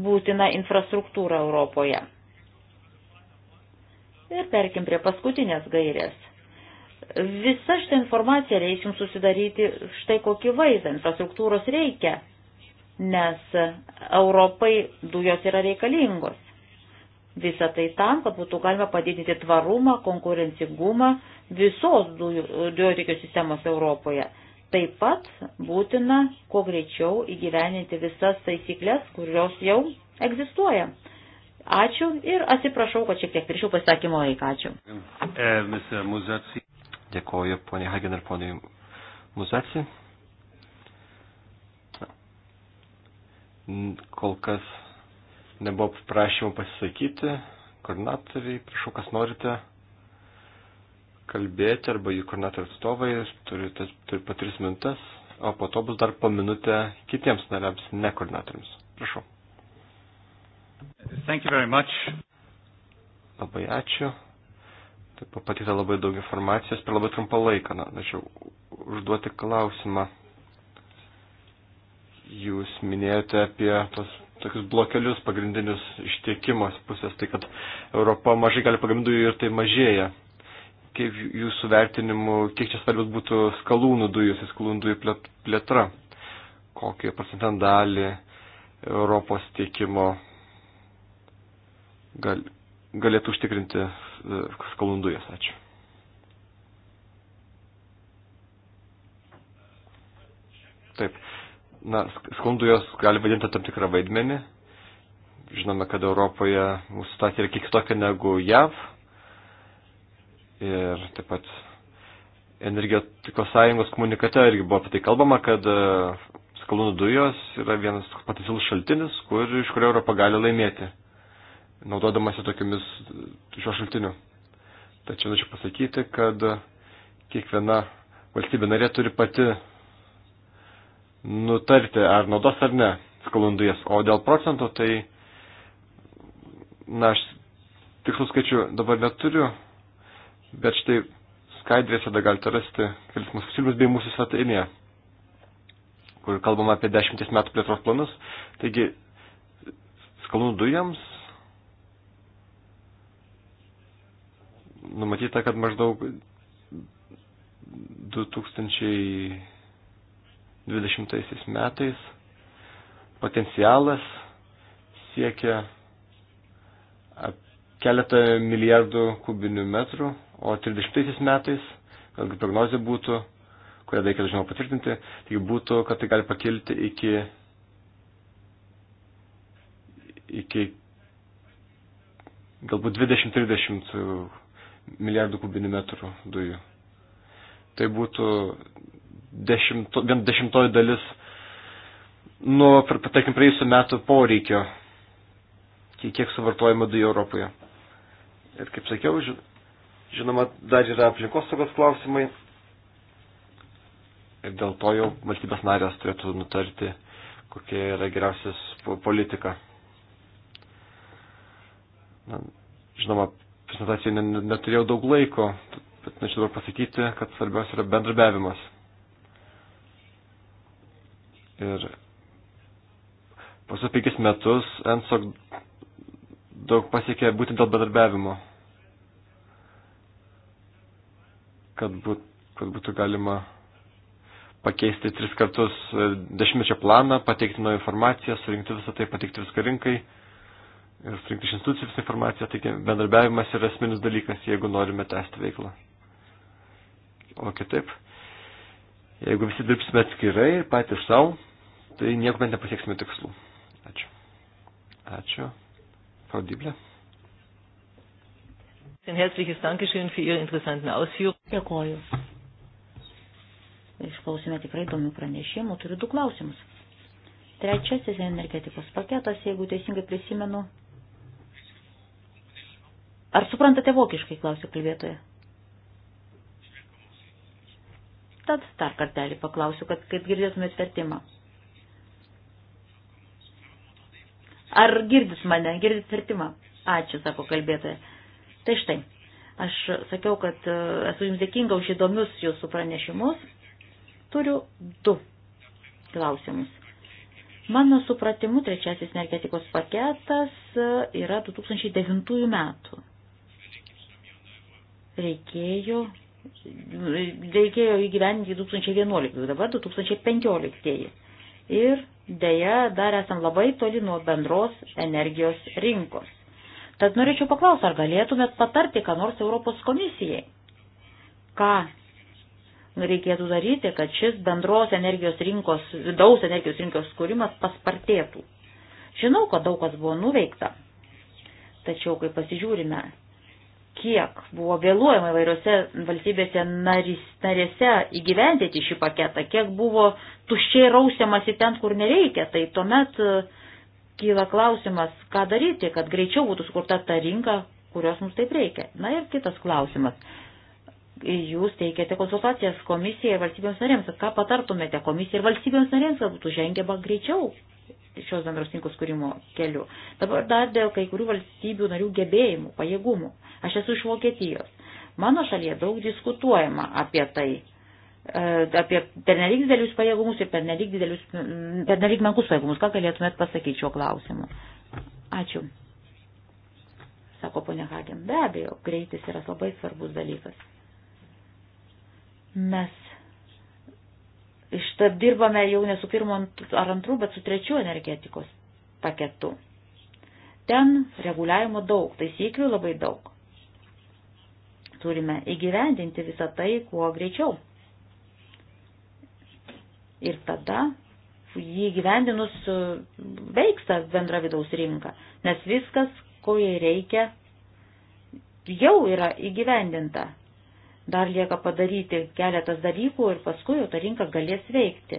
būtiną infrastruktūrą Europoje. Ir perkim prie paskutinės gairės. Visa šitą informaciją leis jums susidaryti štai kokį vaizdą. Infrastruktūros reikia, nes Europai dujos yra reikalingos. Visą tai tam, kad būtų galima padidinti tvarumą, konkurencingumą visos dujotikio sistemos Europoje. Taip pat būtina kuo greičiau įgyveninti visas taisyklės, kurios jau egzistuoja. Ačiū ir atsiprašau, kad šiek tiek viršiau pasakymo laiką. Ačiū. E, Dėkoju poniai Hagen ir poniai Muzaci. Kol kas nebuvo prašymų pasisakyti. Koordinatoriai, prašau, kas norite kalbėti, arba jų koordinatorių atstovai turi, turi po tris minutės, o po to bus dar po minutę kitiems nariams, ne koordinatoriams. Prašau. Thank you very much. Labai ačiū. Taip papatyta labai daug informacijos per labai trumpą laiką. Na, tačiau užduoti klausimą. Jūs minėjote apie tos tokius blokelius pagrindinius ištiekimos pusės, tai kad Europa mažai gali pagaminti dujų ir tai mažėja. Kaip jūsų vertinimu, kiek čia svarbios būtų skalūnų dujų, skalūnų dujų plėtra? Kokį procentą dalį Europos tiekimo gal, galėtų užtikrinti skalūnų dujas. Ačiū. Taip. Na, skalūnų dujos gali vadinti tam tikrą vaidmenį. Žinome, kad Europoje mūsų situacija yra kiek tokia negu JAV. Ir taip pat energetikos sąjungos komunikate irgi buvo apie tai kalbama, kad e, skalūnų dujos yra vienas potencialus šaltinis, kur, iš kurio Europa gali laimėti naudodamasi tokiamis šio šaltiniu. Tačiau norėčiau pasakyti, kad kiekviena valstybė narė turi pati nutarti, ar naudos ar ne skalūnų dujas. O dėl procento, tai, na, aš tikslų skaičių dabar neturiu, bet štai skaidrėse dar galite rasti kelis mūsų pasiūlymus bei mūsų svetainėje, kur kalbama apie dešimties metų plėtros planus. Taigi, skalūnų dujams numatyta, kad maždaug 2020 metais potencialas siekia keletą milijardų kubinių metrų, o 30 metais, kad prognozija būtų, kurią reikia žinoma patvirtinti, tai būtų, kad tai gali pakilti iki, iki galbūt 20-30 milijardų kubinių metrų dujų. Tai būtų dešimto, bent dešimtoji dalis nuo, tarkim, praėjusiu metu poreikio, kiek, kiek suvartojama dujų Europoje. Ir kaip sakiau, žinoma, dar yra aplinkosaugos klausimai. Ir dėl to jau valstybės narės turėtų nutarti, kokia yra geriausias politika. Na, žinoma, prezentacijai neturėjau daug laiko, bet norėčiau dabar pasakyti, kad svarbiausia yra bendrabiavimas. Ir pasus penkis metus ENSOC daug pasiekė būtent dėl bendrabiavimo. Kad, būt, kad būtų galima pakeisti tris kartus dešimtmečio planą, pateikti naują informaciją, surinkti visą tai, pateikti viską rinkai ir surinkti iš institucijų visą informaciją, taigi bendarbiavimas yra esminis dalykas, jeigu norime tęsti veiklą. O kitaip, jeigu visi dirbsime atskirai ir patys savo, tai nieko bent nepasieksime tikslų. Ačiū. Ačiū. Fraudyblė. Ein herzliches Dankeschön für Ihre interessanten Ausführungen. Dėkoju. Išklausime tikrai įdomių pranešimų. Turiu du klausimus. Trečiasis energetikos paketas, jeigu teisingai prisimenu, Ar suprantate vokiškai, klausė kalbėtoja. Tad dar kartelį paklausiu, kad kaip girdėtumėt vertimą. Ar girdit mane, girdit vertimą? Ačiū, sako kalbėtoja. Tai štai, aš sakiau, kad e, esu jums dėkinga už įdomius jūsų pranešimus. Turiu du klausimus. Mano supratimu, trečiasis energetikos paketas e, yra 2009 metų reikėjo, reikėjo įgyvendinti 2011, dabar 2015. Ir dėja, dar esam labai toli nuo bendros energijos rinkos. Tad norėčiau paklausti, ar galėtumėt patarti, ką nors Europos komisijai? Ką reikėtų daryti, kad šis bendros energijos rinkos, vidaus energijos rinkos skūrimas paspartėtų? Žinau, kad daug kas buvo nuveikta, tačiau kai pasižiūrime kiek buvo vėluojama įvairiose valstybėse narys, narėse įgyvendyti šį paketą, kiek buvo tuščiai rausiamasi ten, kur nereikia, tai tuomet e, kyla klausimas, ką daryti, kad greičiau būtų skurta ta rinka, kurios mums taip reikia. Na ir kitas klausimas. Jūs teikiate konsultacijas komisijai ir valstybėms narėms, ką patartumėte komisijai ir valstybėms narėms, kad būtų žengiama greičiau šios bendros rinkos kūrimo keliu. Dabar dar dėl kai kurių valstybių narių gebėjimų, pajėgumų. Aš esu iš Vokietijos. Mano šalyje daug diskutuojama apie tai, e, apie pernelyg didelius pajėgumus ir pernelyg, didelius, mm, pernelyg menkus pajėgumus. Ką galėtumėt pasakyti šiuo klausimu? Ačiū. Sako ponia Hagen, be abejo, greitis yra labai svarbus dalykas. Mes Štai dirbame jau ne su pirmu ar antru, bet su trečiu energetikos paketu. Ten reguliavimo daug, taisyklių labai daug. Turime įgyvendinti visą tai kuo greičiau. Ir tada jį gyvendinus veiks ta bendra vidaus rinka, nes viskas, ko jai reikia, jau yra įgyvendinta. Dar lieka padaryti keletas dalykų ir paskui jau ta rinka galės veikti.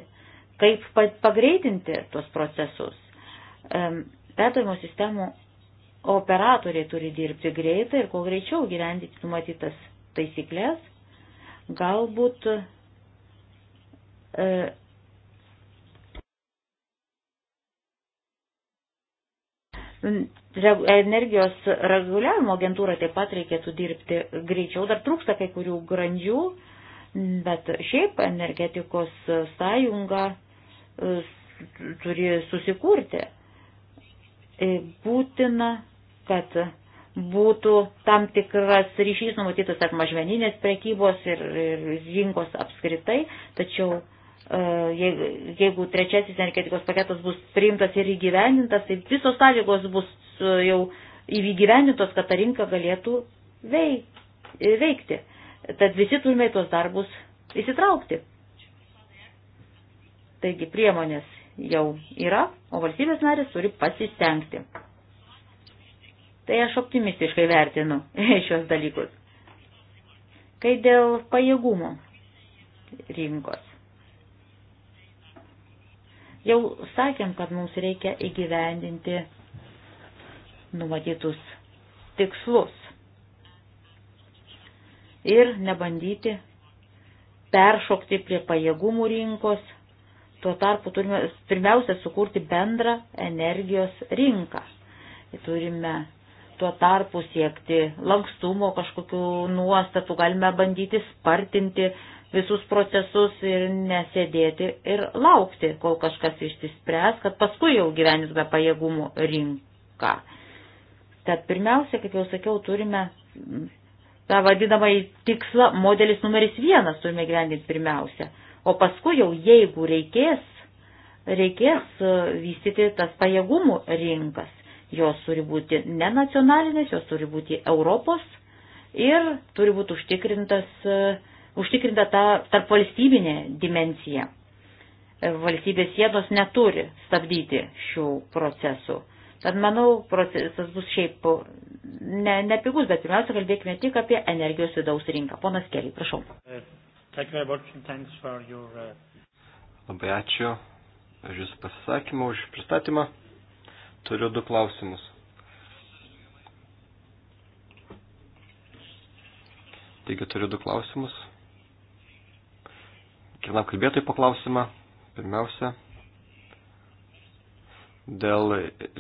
Kaip pagreitinti tuos procesus? Perdavimo sistemų operatoriai turi dirbti greitai ir kuo greičiau gyvendyti numatytas taisyklės. Galbūt e, energijos reguliavimo agentūrai taip pat reikėtų dirbti greičiau, dar trūksta kai kurių grandžių, bet šiaip energetikos sąjunga e, turi susikurti. E, būtina, kad būtų tam tikras ryšys numatytas tarp mažmeninės prekybos ir, ir rinkos apskritai, tačiau e, jeigu trečiasis energetikos paketas bus priimtas ir įgyvendintas, tai visos sąlygos bus E, jau įgyvendintos, kad ta rinka galėtų e, veikti. Tad visi turime į tuos darbus įsitraukti. Taigi priemonės jau yra, o valstybės narės turi pasistengti. Tai aš optimistiškai vertinu šios dalykus. Kai dėl pajėgumo rinkos. Jau sakėm, kad mums reikia įgyvendinti numatytus tikslus ir nebandyti peršokti prie pajėgumų rinkos. Tuo tarpu turime pirmiausia sukurti bendrą energijos rinką. Turime tuo tarpu siekti lankstumo kažkokių nuostatų, galime bandyti spartinti visus procesus ir nesėdėti ir laukti, kol kažkas išsispręs, kad paskui jau gyvenysime pajėgumų rinką. Tad pirmiausia, kaip jau sakiau, turime tą vadinamą tikslą, modelis numeris vienas turime gyvendinti pirmiausia. O paskui jau, jeigu reikės, reikės e, vystyti tas pajėgumų rinkas. Jos turi būti ne nacionalinės, jos turi būti Europos ir turi būti užtikrintas, e, užtikrinta ta tarp valstybinė dimencija. E, valstybės sienos neturi stabdyti šių procesų. Tad manau, procesas bus šiaip ne, ne pigus, bet pirmiausia, kalbėkime tik apie energijos vidaus rinką. Ponas Keliai, prašau. Uh, Labai ačiū už Jūsų pasisakymą, už pristatymą. Turiu du klausimus. Taigi turiu du klausimus. Kiekvienam kalbėtojui paklausimą. Pirmiausia, dėl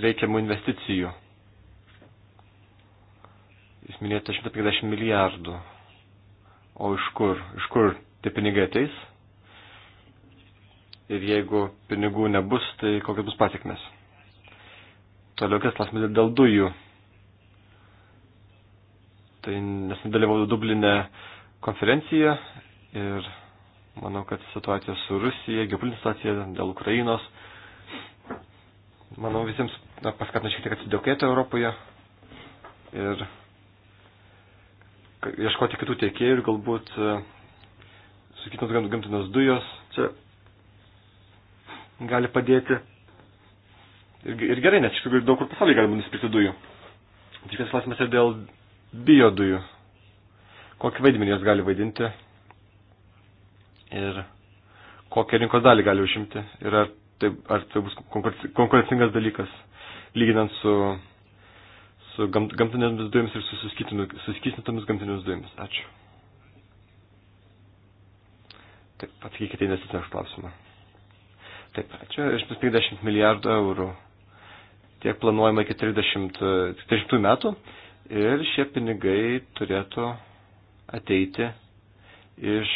reikiamų investicijų. Jūs minėjote 150 milijardų. O iš kur? Iš kur tie pinigai ateis? Ir jeigu pinigų nebus, tai kokios bus pasiekmes? Toliau kitas klausimas dėl dujų. Tai nes nedalyvau Dublinė konferencija ir manau, kad situacija su Rusija, geopolitinė situacija dėl Ukrainos, manau, visiems paskatina šiek tiek atsidėkėti Europoje ir ieškoti kitų tiekėjų ir galbūt e, sakytinos gamtinos dujos čia gali padėti. Ir, ir gerai, nes iš tikrųjų daug kur pasaulyje galima nusipirkti dujų. Tik tas klausimas yra dėl biodujų. Kokį vaidmenį jos gali vaidinti ir kokią rinkos dalį gali užimti ir ar tai, ar tai bus konkurencingas dalykas, lyginant su, su gamt, gamtinėmis dujomis ir su suskystintomis gamtinėmis dujomis. Ačiū. Taip, atsakykite investicinę klausimą. Taip, ačiū. 150 milijardų eurų. Tiek planuojama iki 30, 30 metų. Ir šie pinigai turėtų ateiti iš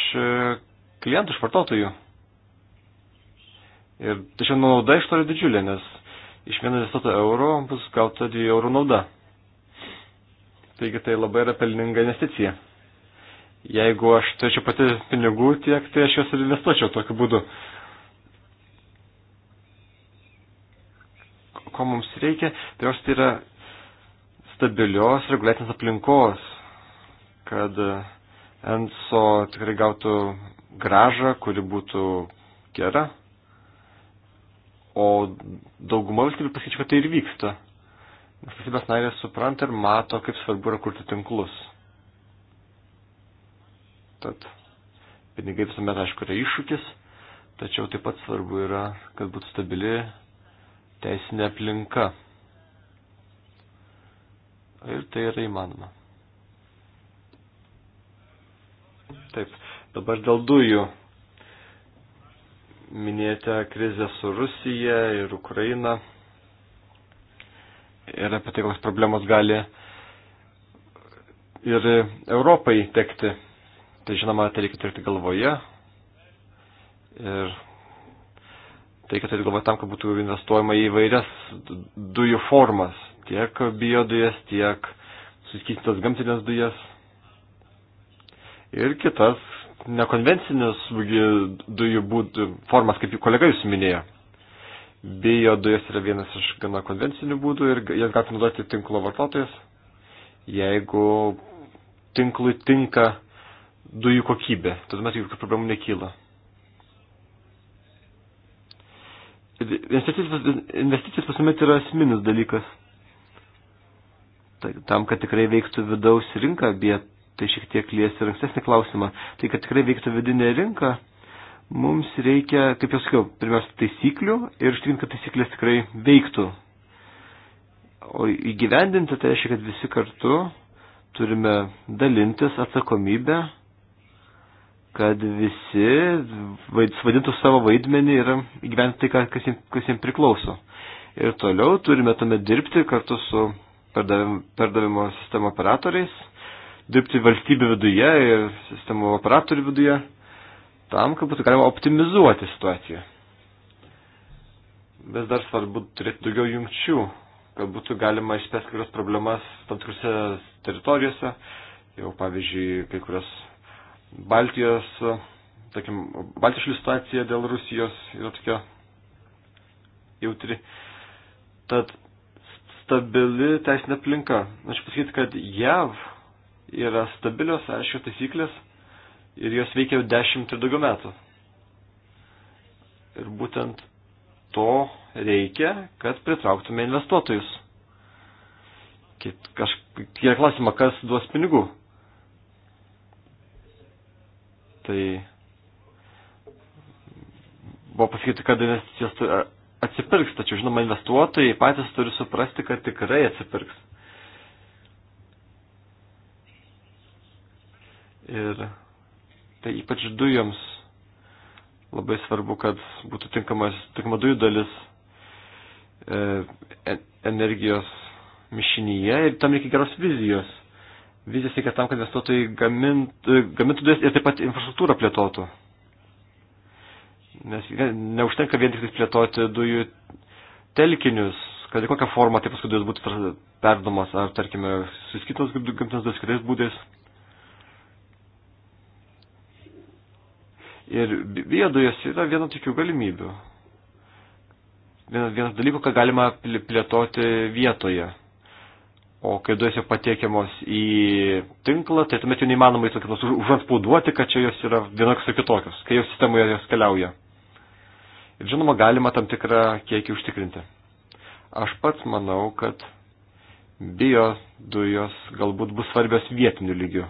klientų, iš vartotojų. Ir tačiau nauda iš to yra didžiulė, nes iš vieno investuoto euro bus gauta 2 eurų nauda. Taigi tai labai yra pelninga investicija. Jeigu aš turėčiau pati pinigų tiek, tai aš juos ir investuočiau tokiu būdu. Ko mums reikia, tai jos tai yra stabilios reguliacinės aplinkos, kad ENSO tikrai gautų gražą, kuri būtų gera, O dauguma valstybių pasakyčiau, kad tai ir vyksta. Nes valstybės narės supranta ir mato, kaip svarbu yra kurti tinklus. Tad pinigai visuomet, aišku, yra iššūkis, tačiau taip pat svarbu yra, kad būtų stabili teisinė aplinka. Ir tai yra įmanoma. Taip, dabar dėl dujų minėjote krizę su Rusija ir Ukraina ir apie tai, kokios problemos gali ir Europai tekti. Tai žinoma, tai reikia turėti galvoje ir tai reikia turėti galvoje tam, kad būtų investuojama į vairias dujų formas, tiek biodujas, tiek suskystintas gamtinės dujas ir kitas nekonvencinius dujų būdų formas, kaip kolega jūs minėjo. Bio dujas yra vienas iš gana konvencinių būdų ir jas gali naudoti tinklo vartotojas, jeigu tinklui tinka dujų kokybė, tad mes jokių problemų nekyla. Investicijas pasuomet yra esminis dalykas. Tam, kad tikrai veiktų vidaus rinka, bet tai šiek tiek lies ir ankstesnį klausimą, tai kad tikrai veiktų vidinė rinka, mums reikia, kaip jau sakiau, pirmiausia taisyklių ir užtikrinti, kad taisyklės tikrai veiktų. O įgyvendinti tai reiškia, kad visi kartu turime dalintis atsakomybę, kad visi vadintų savo vaidmenį ir įgyvendinti tai, kas jiems, kas jiems priklauso. Ir toliau turime tame dirbti kartu su perdavimo, perdavimo sistemo operatoriais, dirbti valstybių viduje ir sistemų operatorių viduje, tam, kad būtų galima optimizuoti situaciją. Vis dar svarbu turėti daugiau jungčių, kad būtų galima išspręsti kurios problemas tam tikrose teritorijose, jau pavyzdžiui, kai kurios Baltijos, tarkim, Baltijos šalių situacija dėl Rusijos yra tokia jautri. Tad stabili teisinė aplinka. Aš pasakyti, kad JAV yra stabilios, aiškios taisyklės ir jos veikia jau dešimt ir daugiau metų. Ir būtent to reikia, kad pritrauktume investuotojus. Kiek klausimą, kas duos pinigų? Tai buvo pasakyti, kad investicijas atsipirks, tačiau žinoma, investuotojai patys turi suprasti, kad tikrai atsipirks. Ir tai ypač dujoms labai svarbu, kad būtų tinkamas, tinkama dujų dalis e, energijos mišinyje ir tam reikia geros vizijos. Vizijas reikia tam, kad investuotojai gamintų, e, gamintų dujas ir taip pat infrastruktūrą plėtotų. Nes neužtenka vien tik tai plėtoti dujų telkinius, kad ir kokią formą taip paskui dujos būtų perdomas, ar tarkime, suskitos gamtinės dujos kitais būdais. Ir biodujas yra viena tokių galimybių. Vienas, vienas dalykų, ką galima plėtoti vietoje. O kai dujas jau patiekiamos į tinklą, tai tuomet jau neįmanoma įsakymus užanspauduoti, kad čia jos yra vienokios ar kitokios, kai jau sistemoje jos keliauja. Ir žinoma, galima tam tikrą kiekį užtikrinti. Aš pats manau, kad bio dujos galbūt bus svarbios vietiniu lygiu.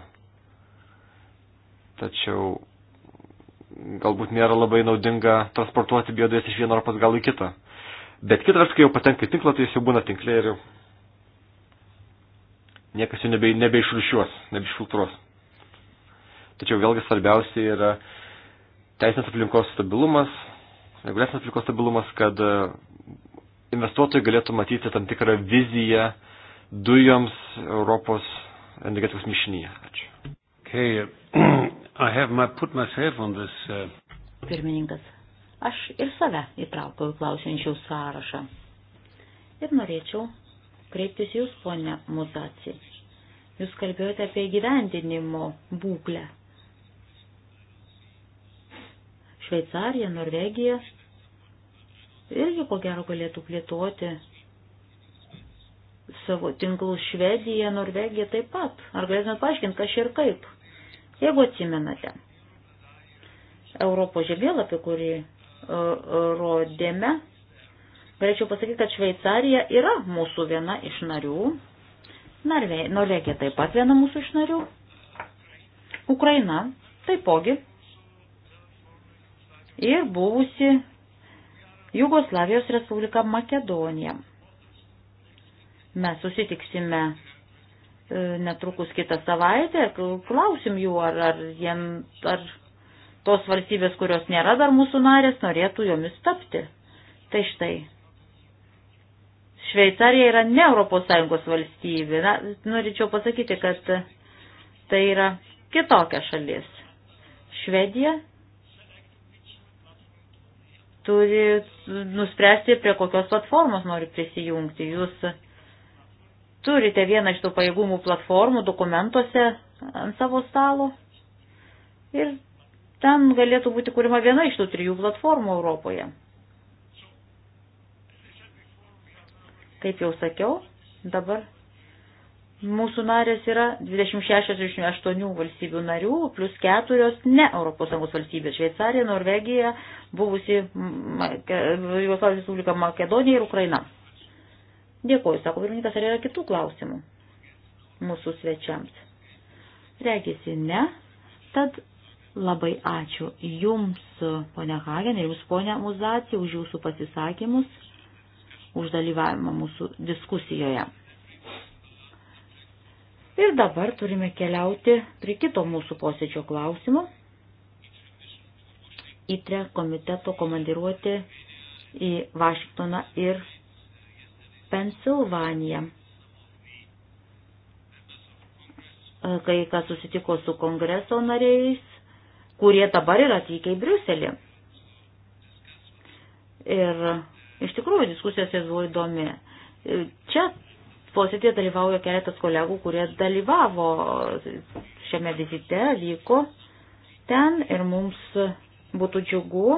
Tačiau galbūt nėra labai naudinga transportuoti biodujas iš vieno Europos galo į kitą. Bet kitą vertus, kai jau patenka į tinklą, tai jis jau būna tinklė ir niekas jų nebe, nebeišrušiuos, nebeišfiltruos. Tačiau vėlgi svarbiausia yra teisinės aplinkos stabilumas, reguliacinės aplinkos stabilumas, kad e, investuotojai galėtų matyti tam tikrą viziją dujoms Europos energetikos mišinyje. Ačiū. Okay. I have my, put myself on this. Uh... Pirmininkas, aš ir save įtraukiau į klausiančių sąrašą. Ir norėčiau kreiptis jūs, ponė Muzacija. Jūs kalbėjote apie gyvendinimo būklę. Šveicarija, Norvegija irgi ko gero galėtų plėtoti savo tinklus Švedija, Norvegija taip pat. Ar galėtumėt paaiškinti, kas ir kaip? Jeigu atsimenate, Europos žemėlapį, kurį e, e, rodėme, galėčiau pasakyti, kad Šveicarija yra mūsų viena iš narių, Norvegija taip pat viena mūsų iš narių, Ukraina taipogi ir buvusi Jugoslavijos Respublika Makedonija. Mes susitiksime E, netrukus kitą savaitę, klausim jų, ar, ar, jiem, ar tos valstybės, kurios nėra dar mūsų narės, norėtų jomis tapti. Tai štai. Šveicarija yra ne ES valstybė. Na, norėčiau pasakyti, kad tai yra kitokia šalis. Švedija turi nuspręsti, prie kokios platformos nori prisijungti. Jūs turite vieną iš tų pajėgumų platformų dokumentuose ant savo stalo ir ten galėtų būti kūrima viena iš tų trijų platformų Europoje. Kaip jau sakiau, dabar mūsų narės yra 26-28 valstybių narių, plus 4 ne ES valstybės - Šveicarija, Norvegija, buvusi Jugoslavijos Respublika Makedonija ir Ukraina. Dėkuoju, sako pirmininkas, ar yra kitų klausimų mūsų svečiams? Regisi ne, tad labai ačiū Jums, ponia Hagen, ir Jums, ponia Muzacija, už Jūsų pasisakymus, už dalyvavimą mūsų diskusijoje. Ir dabar turime keliauti prie kito mūsų posėdžio klausimo. ITRE komiteto komandiruoti į Vašingtoną ir Pensilvanija. E, kai kas susitiko su kongreso nariais, kurie dabar yra atvykę į Briuselį. Ir iš tikrųjų diskusijos jas buvo įdomi. E, čia posėdėje dalyvauja keletas kolegų, kurie dalyvavo šiame vizite, vyko ten ir mums būtų džiugu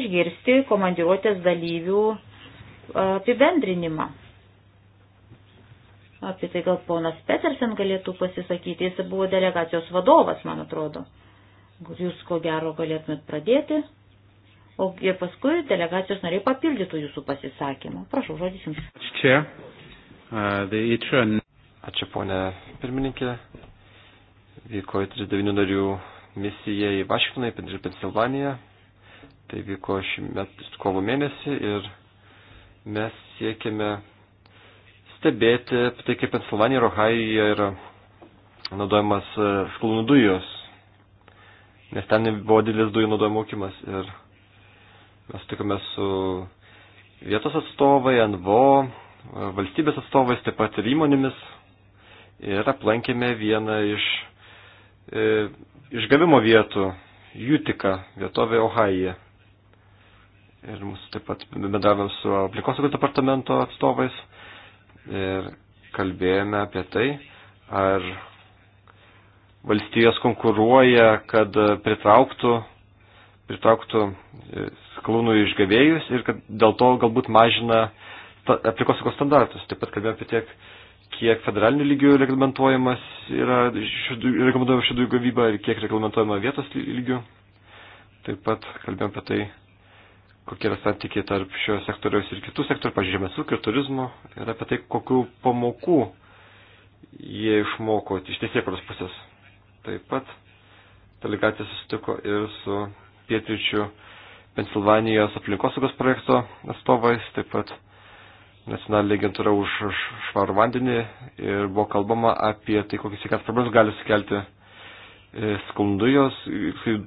išgirsti komandiruotės dalyvių apibendrinimą. Apie tai gal ponas Petersen galėtų pasisakyti, jis buvo delegacijos vadovas, man atrodo. Jūs ko gero galėtumėt pradėti, o ir paskui delegacijos nariai papildytų jūsų pasisakymą. Prašau, žodis jums. Čia. Uh, Ačiū, ponė pirmininkė. Vyko 39 narių misija į Vašingtoną, į Pensilvaniją. Tai vyko šį metų kovo mėnesį ir mes siekiame stebėti tai, kaip Pensilvanija ir Ohajuje yra naudojamas e, skalūnų dujos, nes ten buvo didelis dujų naudojimo mokymas ir mes sutikome su vietos atstovai, NVO, e, valstybės atstovais, taip pat ir įmonėmis ir aplankėme vieną iš e, išgavimo vietų, Jutika, vietovė Ohajuje ir mūsų taip pat bendravėm su aplinkosaugos departamento atstovais ir kalbėjome apie tai, ar valstijos konkuruoja, kad pritrauktų, pritrauktų e, sklūnų išgavėjus ir kad dėl to galbūt mažina aplikosaugos standartus. Taip pat kalbėjome apie tiek, kiek federalinių lygių reglamentuojamas yra reglamentuojama šių dujų gavyba ir kiek reglamentuojama vietos lygių. Taip pat kalbėjome apie tai, kokie yra santykiai tarp šio sektoriaus ir kitų sektorių, pažiūrėjomės ūkio ir turizmo, ir apie tai, kokių pamokų jie išmoko iš tiesiekros pusės. Taip pat delegacija susitiko ir su pietryčių Pensilvanijos aplinkosaugos projekto atstovais, taip pat nacionalinė agentūra už švarų vandenį ir buvo kalbama apie tai, kokius sveikatos problemas gali sukelti skundujos, e,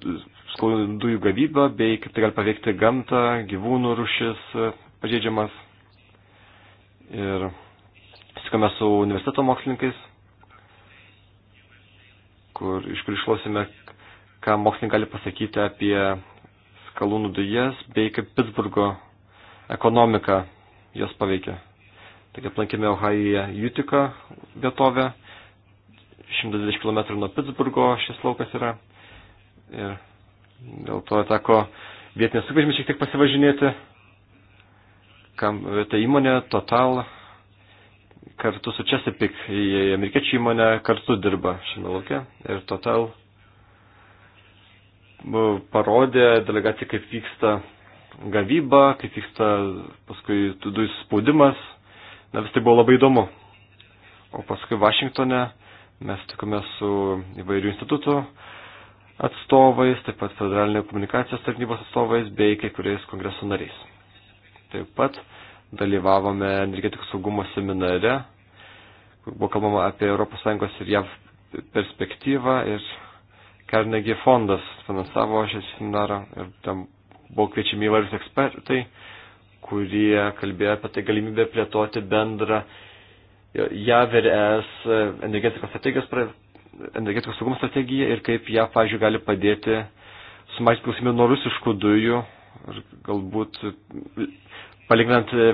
skundujų e, gavybą, bei kaip tai gali paveikti gamtą, gyvūnų rušis e, pažeidžiamas. Ir susikame su universiteto mokslininkais, kur, iš kur išklausėme, ką mokslininkai gali pasakyti apie skalūnų dujas, bei kaip Pittsburgo ekonomika jos paveikia. Taigi aplankėme Ohajuje Jutiką vietovę, 120 km nuo Pittsburgo šis laukas yra. Ir dėl to teko vietinės sunkvežimį šiek tiek pasivažinėti. Kam, ta įmonė Total kartu su Chesapeake, amerikiečių įmonė, kartu dirba šiame lauke. Ir Total parodė delegacijai, kaip vyksta gavyba, kaip vyksta paskui dujų spaudimas. Na, vis tai buvo labai įdomu. O paskui Vašingtone Mes tikome su įvairių institutų atstovais, taip pat federalinio komunikacijos tarnybos atstovais bei kai kuriais kongreso nariais. Taip pat dalyvavome energetikos saugumo seminare, kur buvo kalbama apie ES ir JAV perspektyvą ir Carnegie fondas finansavo šį seminarą ir tam buvo kviečiami įvairius ekspertai, kurie kalbėjo apie tai galimybę plėtoti bendrą JAV ir ES e, energetikos strategijos, energetikos saugumo strategija ir kaip JAV, pažiūrėjau, gali padėti sumažinti klausimį nuo rusiškų dujų ir galbūt e, palyginant e,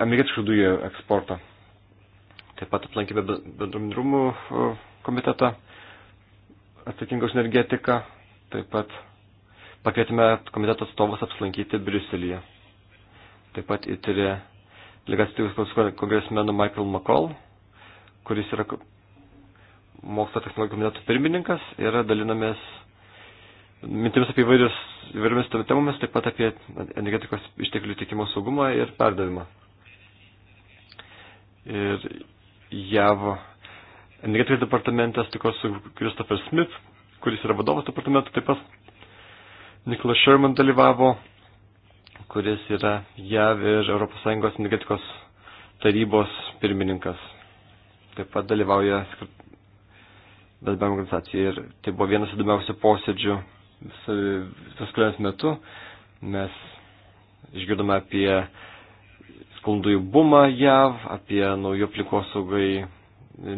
amerikietiškų dujų eksportą. Taip pat aplankėme bendrumų komitetą atsakingą už energetiką, taip pat pakvietėme komiteto atstovus apsilankyti Briuselyje. Taip pat įtirė delegacijos kongresmenų Michael McCall kuris yra mokslo technologijų komiteto pirmininkas ir dalinamės mintimis apie įvairius, įvairiomis temomis, taip pat apie energetikos išteklių tiekimo saugumą ir perdavimą. Ir JAV energetikos departamentas tiko su Christopher Smith, kuris yra vadovas departamento, taip pat Nikolas Sherman dalyvavo, kuris yra JAV ir ES energetikos tarybos pirmininkas taip pat dalyvauja darbiavimo organizacija ir tai buvo vienas įdomiausių posėdžių visos kelionės metu. Mes išgirdome apie skundųjų bumą JAV, apie naujų aplinkosaugai,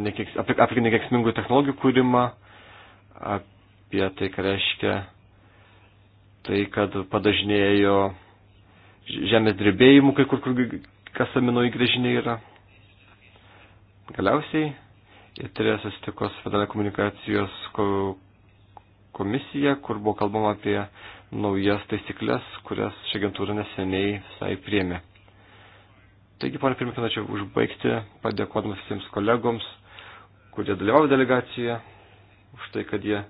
nekeks, apie, apie nekeksmingų technologijų kūrimą, apie tai, ką reiškia tai, kad padažnėjo žemės drebėjimų, kai kur, kur kasaminų įgrėžiniai yra. Galiausiai įtrė susitiko su Federalė komunikacijos komisija, kur buvo kalbama apie naujas taisyklės, kurias ši agentūra neseniai visai priėmė. Taigi, ponė pirmininkė, norėčiau užbaigti padėkodamas visiems kolegoms, kurie dalyvavo delegacijoje, už tai, kad jie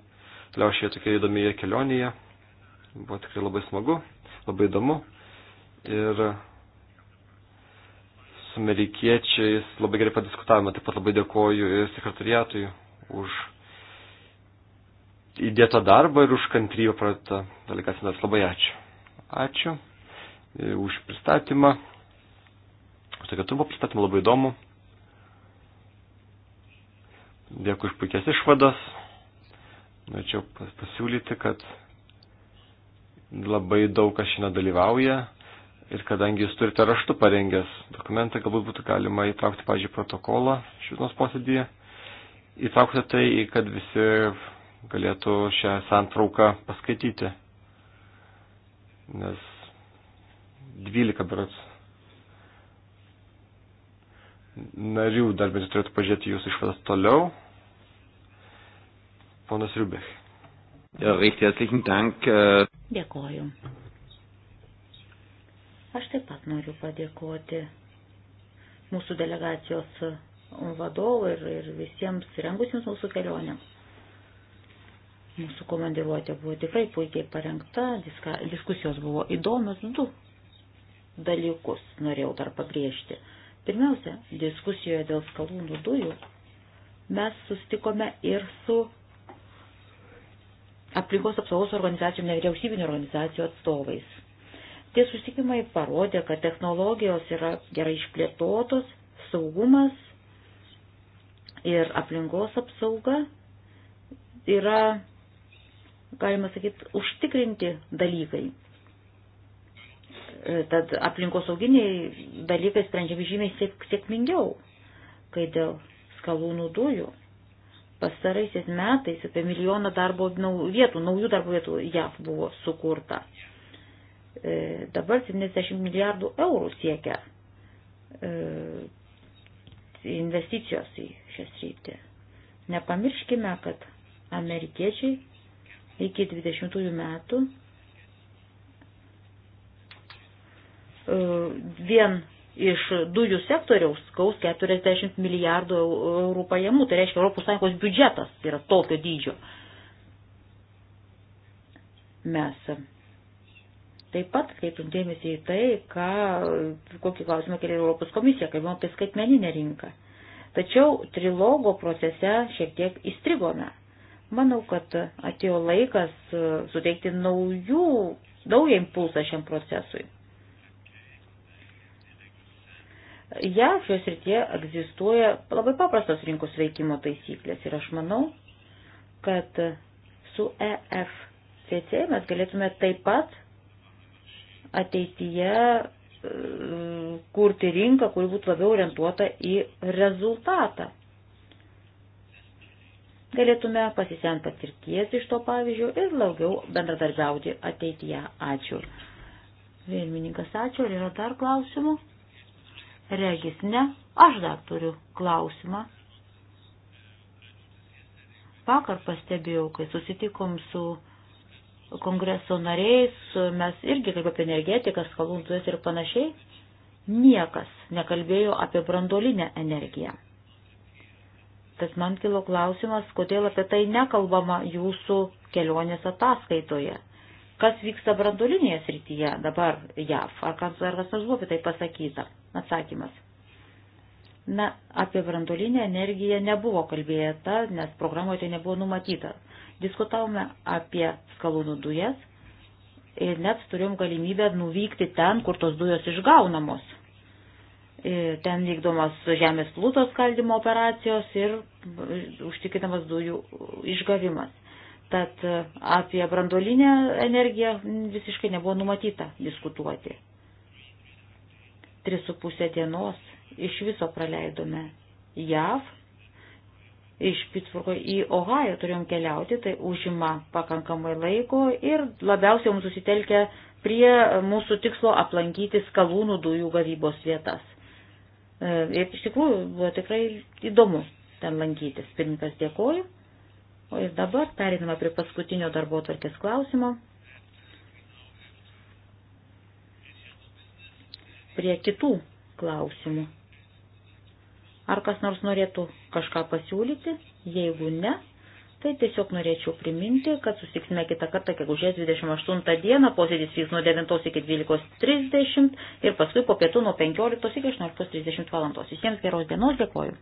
dalyvavo šioje tokioje įdomioje kelionėje. Buvo tikrai labai smagu, labai įdomu. Ir su amerikiečiais labai gerai padiskutavome. Taip pat labai dėkoju ir sekretariatui už įdėtą darbą ir už kantrybę pradėtą delegaciją. Labai ačiū. Ačiū e, už pristatymą. Už tokį trumpą pristatymą labai įdomu. Dėkui už puikias išvadas. Norėčiau pasiūlyti, kad labai daug kas šiandien dalyvauja Ir kadangi jūs turite raštu parengęs dokumentą, galbūt būtų galima įtraukti, pažiūrėjau, protokolą šitos posėdėje, įtraukti tai, kad visi galėtų šią santrauką paskaityti. Nes 12 berats narių dar bent turėtų pažiūrėti jūsų išvadas toliau. Ponas Riubech. Ja, recht herzlichen Dank. Äh. Dėkoju. Aš taip pat noriu padėkoti mūsų delegacijos vadovui ir, ir visiems rengusiems mūsų kelionėms. Mūsų komandiruotė buvo tikrai puikiai parengta, diska, diskusijos buvo įdomios. Du dalykus norėjau dar pabrėžti. Pirmiausia, diskusijoje dėl skalūnų dujų mes sustikome ir su aplinkos apsaugos organizacijų, nevyriausybinio organizacijų atstovais. Tie susitikimai parodė, kad technologijos yra gerai išplėtotos, saugumas ir aplinkos apsauga yra, galima sakyti, užtikrinti dalykai. E, tad aplinkosauginiai dalykai sprendžiami žymiai sėk, sėkmingiau, kai dėl skalūnų dujų pastaraisiais metais apie milijoną darbo vietų, naujų darbo vietų JAV buvo sukurta. E, dabar 70 milijardų eurų siekia e, investicijos į šią sritį. Nepamirškime, kad amerikiečiai iki 20 metų e, vien iš dujų sektoriaus gaus 40 milijardų eurų pajamų. Tai reiškia, ES biudžetas yra tokio dydžio. Mes Taip pat, kaip dėmesį į tai, ką, kokį klausimą kelia Europos komisija, kalbėjome apie skaitmeninę rinką. Tačiau trilogo procese šiek tiek įstrigome. Manau, kad atėjo laikas e, suteikti naujų, naują impulsą šiam procesui. JAV šios rytie egzistuoja labai paprastos rinkos veikimo taisyklės ir aš manau, kad su EFCC mes galėtume taip pat ateityje e, kurti rinką, kuri būtų labiau orientuota į rezultatą. Galėtume pasisemti patirties iš to pavyzdžio ir daugiau bendradarbiauti ateityje. Ačiū. Vėlmininkas, ačiū. Ar yra dar klausimų? Regis ne. Aš dar turiu klausimą. Vakar pastebėjau, kai susitikom su kongreso nariais, mes irgi kalbėjome apie energetiką, skalūntujas ir panašiai, niekas nekalbėjo apie brandolinę energiją. Tas man kilo klausimas, kodėl apie tai nekalbama jūsų kelionės ataskaitoje. Kas vyksta brandolinėje srityje dabar JAV? Ar kas, ar kas nors buvo apie tai pasakyta? Atsakymas. Na, apie brandolinę energiją nebuvo kalbėta, nes programoje tai nebuvo numatyta. Diskutavome apie skalūnų dujas ir net turėjom galimybę nuvykti ten, kur tos dujos išgaunamos. E, ten vykdomas žemės plūtos skaldimo operacijos ir užtikrinamas dujų išgavimas. Tad e, apie brandolinę energiją visiškai nebuvo numatyta diskutuoti. 3,5 dienos iš viso praleidome JAV iš Pittsburgo į Ohają turėjom keliauti, tai užima pakankamai laiko ir labiausiai mums susitelkia prie mūsų tikslo aplankyti skalūnų dujų gavybos vietas. E, ir iš tikrųjų buvo tikrai įdomu ten lankytis. Pirmininkas dėkoju. O ir dabar periname prie paskutinio darbo tvarkės klausimo. Prie kitų klausimų. Ar kas nors norėtų kažką pasiūlyti? Jeigu ne, tai tiesiog norėčiau priminti, kad susitiksime kitą kartą, gegužės 28 dieną, posėdis vyks nuo 9 iki 12.30 ir paskui po pietų nuo 15 iki 18.30 valandos. Visiems geros dienos, dėkoju.